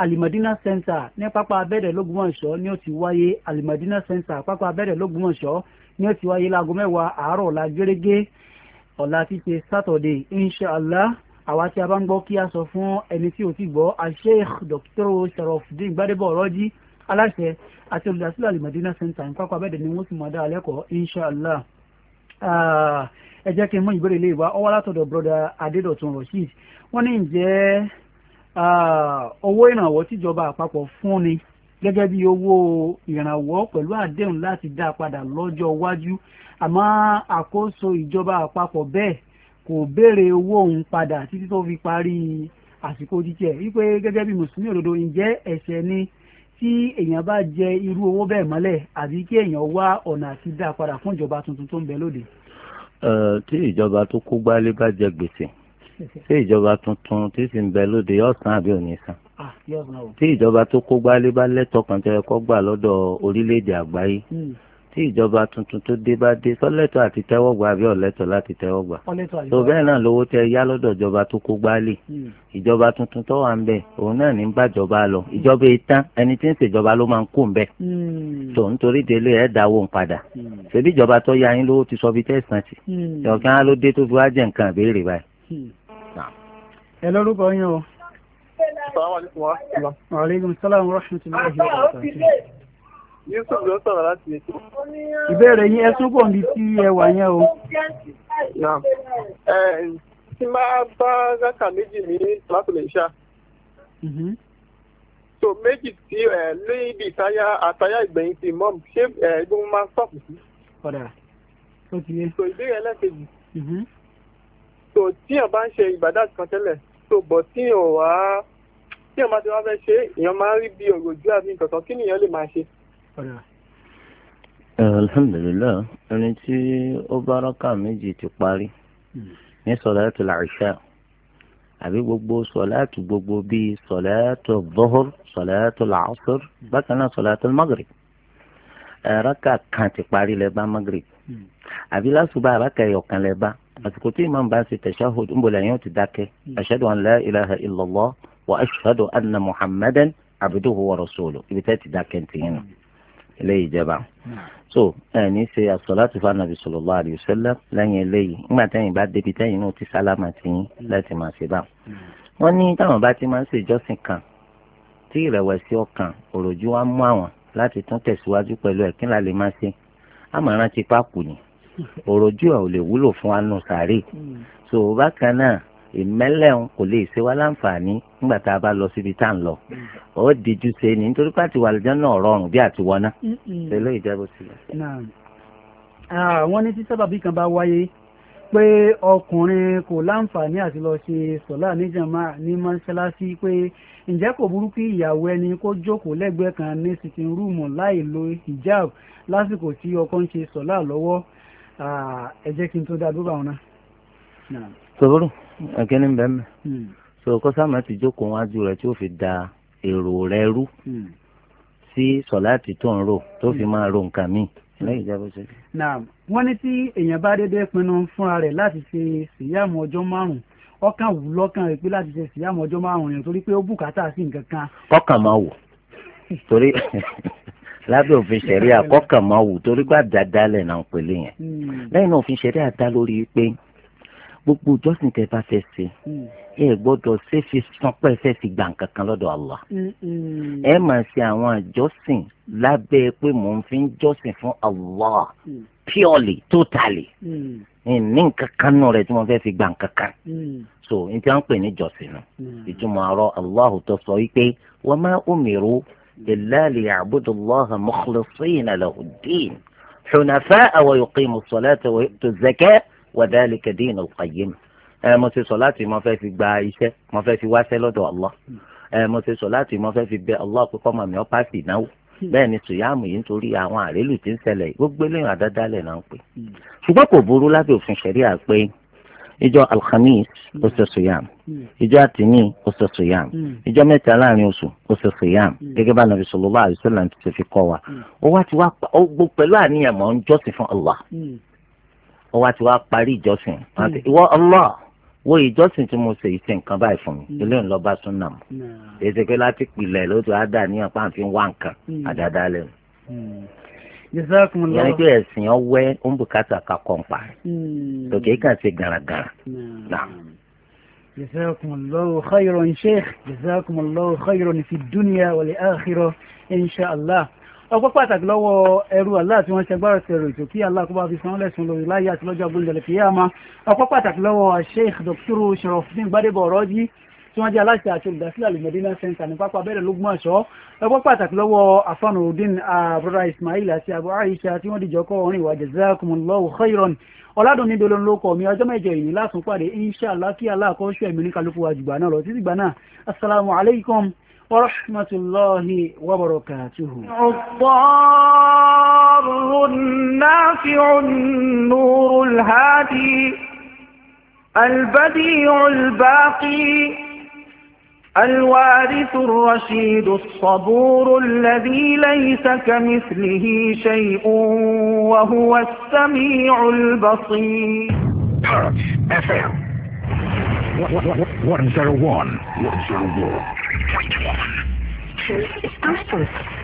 alimadina center ní pápá abẹ́rẹ́ lógúnmọ̀ṣọ́ ni ó ti wáyé alimadina center pápá abẹ́rẹ́ lógúnmọ̀ṣọ́ ni ó ti wáyé láago mẹ́wàá àárọ̀ la gẹ́gẹ́ ọ̀la títí sátọ̀dẹ̀ inshallah àwa tí a bá ń gbọ́ kí a sọ fún ẹni tí ò ti gbọ́ Sheikh Dr. Sharafdin Gbadebo Ọ̀rọ̀jì aláṣẹ àti olùdásílẹ̀ alimadina center ní pápá abẹ́rẹ́ ni wọ́n ti mọ̀ dá alẹ́kọ̀ọ́ inshallah ah, ẹ jẹ́ kí n mú ìbéèrè ilé ìwà ọwọ́ látọ̀dọ̀ broda Adédọ̀tun Rasheed wọ́n ní ǹjẹ́ owó ìrànwọ́ tíjọba àpapọ̀ fún ni gẹ́gẹ́ bí owó ìrànwọ́ pẹ̀lú àdéhùn láti dá a padà lọ́jọ́ iwájú àmọ́ àkóso ìjọba àpapọ̀ bẹ́ẹ̀ kò béèrè owó òun padà títí tó fi parí àsìkò jíjẹ wípé gẹ́gẹ́ bí mùsùlùmí òdodo ǹjẹ́ ẹ̀ṣẹ̀ ni tí èèyàn bá jẹ irú owó bẹ́ẹ̀ mọ́lẹ̀ àbí kí èèyàn wá ọ̀nà àti dá a padà fún ìjọba tuntun tó ń bẹ lóde. tí ìjọba tó kó gbálé bá jẹ gbèsè ṣé ìjọba tuntun tí sì ń bẹ lóde yóò san àbí òní san ah, tí ìjọba tó kó gbálé bá lẹ́tọ̀ọ́ kan tó yẹ kó gbà lọ́dọ̀ orílẹ̀-èdè àgbáyé hmm. tí ìjọba tuntun tó dé bá dé sọ́lẹ́tọ̀ àti tẹ́wọ́gbà àbí ọ̀lẹ́tọ̀ láti tẹ́wọ́gbà tó bẹ́ẹ̀ náà lówó tẹ yá lọ́dọ̀ ìjọba tó kó gbálé hmm. ìjọba tuntun tó wà ń bẹ̀ òun náà ní bàjọba lọ ìjọba ìtàn ẹni tí ń ṣèjọba ló máa ń kó ń bẹ̀ tó hmm. nítorí délé ẹ̀ dáwó ń padà ṣèbí ìjọba tó yá yín lówó ti sọ bí tẹ̀sán sí ọ̀kan ẹ lórúkọ yín o. Aleykum salaam wa rahmatullahi wa barakatuh. Yusuf ló sọ̀rọ̀ láti ètò. Ìbéèrè yín ẹ̀sùn pọ̀ níbi tí ẹ wà yẹn o. Tí máa bá rákà méjì ní Tòmátò lè ṣá. So méjì tí léèdì táyà àtàyà ìgbẹ̀yìn ti mọ́m ṣé ẹgbẹ́ wọn máa sọ̀kù sí. Ọ̀dà ó ti yé. So ìbéèrè ẹlẹ́kejì. Mhm. So tíyàn bá ń ṣe ìbàdàn kan tẹ́lẹ̀ so bọ̀ tí ò wá tí ò máa ti wá fẹ́ ṣe èèyàn máa ń rí bí òròjú àbí nǹkan kan kí nìyẹn lè máa ṣe. alhamdulillah ẹni tí ó bá rákà méjì ti parí hmm. ní sọ̀láàtù làṣà àbí gbogbo sọ̀láàtù gbogbo bíi sọ̀láàtù dhuhr sọ̀láàtù làásùr hmm. bákan náà sọ̀láàtù magrib ẹ̀ráka kan ti parí lẹ́bàá magrib Hmm. àbí lásùbà àbákà ẹ̀yọ̀kan lẹ bá àsìkò tí imam bá ń ṣe tashahhud ń bọ̀lẹ̀ yẹn ó ti dákẹ́ hmm. ashhadu an la ilaha illallah wa ashhadu anna muhammadan abduhu wa rasuluhu ibi tẹ́ ti dákẹ́ ti yẹn nù eléyìí jẹba hmm. so ẹni ṣe àsọláàtì fún anabi sallallahu alaihi wasallam lẹ́yìn eléyìí nígbà tẹ́yìn bá débi tẹ́yìn náà ti sálámà ti yín láti máa ṣe bá wọn ní táwọn bá ti máa ń ṣe ìjọsìn kan tí ìrẹ̀wẹ̀sì ọkàn òròjú wa mú àwọn láti tún tẹ̀síwájú pẹ̀lú ẹ̀kínlá lè máa ṣe àmọ̀ràn ti pákó ni òròjú ẹ̀ ò lè wúlò fún wa sàárè so bákan náà ìmẹ́lẹ̀ ń kò lè ṣe wá láǹfààní nígbà tá a bá lọ síbi tá à ń lọ ó díjú ṣe ni nítorí pàtí wàlùjọ́ náà rọrùn bí àti wọná ṣe ló ìjẹ́bù sílẹ̀. wọ́n ní tí sábàbí kan bá wáyé pé ọkùnrin kò láǹfààní àti lọ ṣe sọ̀lá níjàmá ní mọ́ṣáláṣí pé ǹjẹ́ kò burú kí ìyàwó ẹni kó jókòó lẹ́gbẹ̀ẹ́ kan ní sitting room láì lo hijab lásìkò tí ọkọ ń ṣe sọ̀lá lọ́wọ́ ẹ jẹ́ kí n tó dá dúró àwọn náà. sọ́bùrù ẹ̀kẹ́ ní bẹ́ẹ̀ mẹ́ hmm. so kọ́sàmù ti jókòó wájú rẹ̀ tí ó fi da èrò rẹ̀ rú hmm. sí sọ̀lá àti tó ń rò tó fi hmm. máa ro nǹkan míì lẹ́yìn ìjábọ̀ ṣe. náà wọ́n ní tí èèyàn bá dédé pinnu fúnra rẹ̀ láti ṣe síyàmù ọjọ́ márùn-ún ọkàn wù lọ́kàn rẹ̀ pé láti ṣe síyàmù ọjọ́ márùn-ún yẹn torí pé ó bùkátà sí nǹkan kan. kọ́kàn máa wò torí *laughs* lábẹ́ òfin ṣẹ̀ríà kọ́kàn máa wò torí gbàdádálẹ̀ náà pèlè yẹn hmm. lẹ́yìn náà òfin ṣẹ̀ríà dá lórí pé gbogbo ìjọsìn tẹ́ bá fẹ́ ṣe hmm. ẹ gbọ́dọ̀ ṣe fi sanpẹ́ fẹ́ fi gbà kankan lọ́dọ̀ Allah hmm, hmm. ẹ máa ṣe àwọn ìjọsìn lábẹ́ pé mò ń fi ń jọ́sìn fún Allah purely totally ní nǹkan kan nù rẹ̀ tí wọ́n fẹ́ fi gbà kankan so n tí wọ́n pè ní ìjọsìn nù ìtumọ̀ ọ̀rọ̀ Allah tó sọ wípé wa ma umiru illa liya'budullaha mukhlisina lahu ddin hunafa'a wa yuqimu ssalata wa yu'tu zzakata. وذلك دين القيم ẹ mo ṣe sọ̀láàtì mo fẹ́ fi gba iṣẹ́ mo fẹ́ fi wáṣẹ́ lọ́dọ̀ Allah ẹ mo ṣe sọ̀láàtì mo fẹ́ fi bẹ Allah pé kọ́mọ mi ọ́ pàṣẹ ìnáwó bẹ́ẹ̀ ni tùyàmù yìí nítorí àwọn àrélù tí ń ṣẹlẹ̀ gbogbo eléyàn àdádálẹ̀ náà ń pè ṣùgbọ́n kò burú lábẹ́ òfin ṣẹ̀ríà pé ìjọ alhamis oṣù suyam ìjọ atini oṣù suyam ìjọ mẹ́ta láàrin oṣù oṣù suyam gẹ́gẹ́ bá nàbì sallallahu alaihi wasallam ti fi kọ́ wa ó wá ti wá pẹ̀lú àníyàn mọ́ ń jọ́sìn fún Allah wọ́n wá ti wá parí ìjọsìn hmm. ìwọ Allah wo ìjọsìn tí mo ṣe ìṣe nǹkan báyìí fún mi ilé hmm. ńlọ bá súnà mu èsì pé láti pilẹ̀ ló ti wá dà níyàn pàǹfin wá nǹkan hmm. àdáadáa lẹ́nu. yẹn pé ẹ̀sìn ọwẹ́ ń bùkátà ká kọ́ńpà lókè kàn ṣe gàràgàrà. جزاكم الله خيرا شيخ جزاكم الله خيرا في الدنيا والآخرة إن شاء الله ọpẹ́ pàtàkì lọ́wọ́ ẹrú Allah tí wọ́n ṣe agbára ṣe èrò ètò kí Allah kó bá fi san lẹ́sùn lórí láyé àti lọ́jọ́ agbóńdẹ̀lẹ̀ kíyámà ọpẹ́ pàtàkì lọ́wọ́ Sheikh Dr. Sharafuddin Gbadebo Ọ̀rọ́jì tí wọ́n jẹ́ aláṣẹ àti olùdásílẹ̀ alimọ̀dínà center ní pápá abẹ́rẹ́ lógúnmọ̀ṣọ́ ọpọ́ pàtàkì lọ́wọ́ afanudin abúrà ismail àti abu aisha tí wọ́n dìjọ́ kọ́ orin ìwà jazakumullahu khairan ọ̀làdùn níbi olóńlọ́kọ̀ mi ọjọ́ mẹ́jọ ìní lásùn pàdé inshallah kí aláàkọ́ṣọ́ ẹ̀mí ní kálukú wa náà lọ títí gbà náà assalamu ورحمة الله وبركاته الضار النافع النور الهادي البديع الباقي الوارث الرشيد الصبور الذي ليس كمثله شيء وهو السميع البصير 101 101 Two is distance.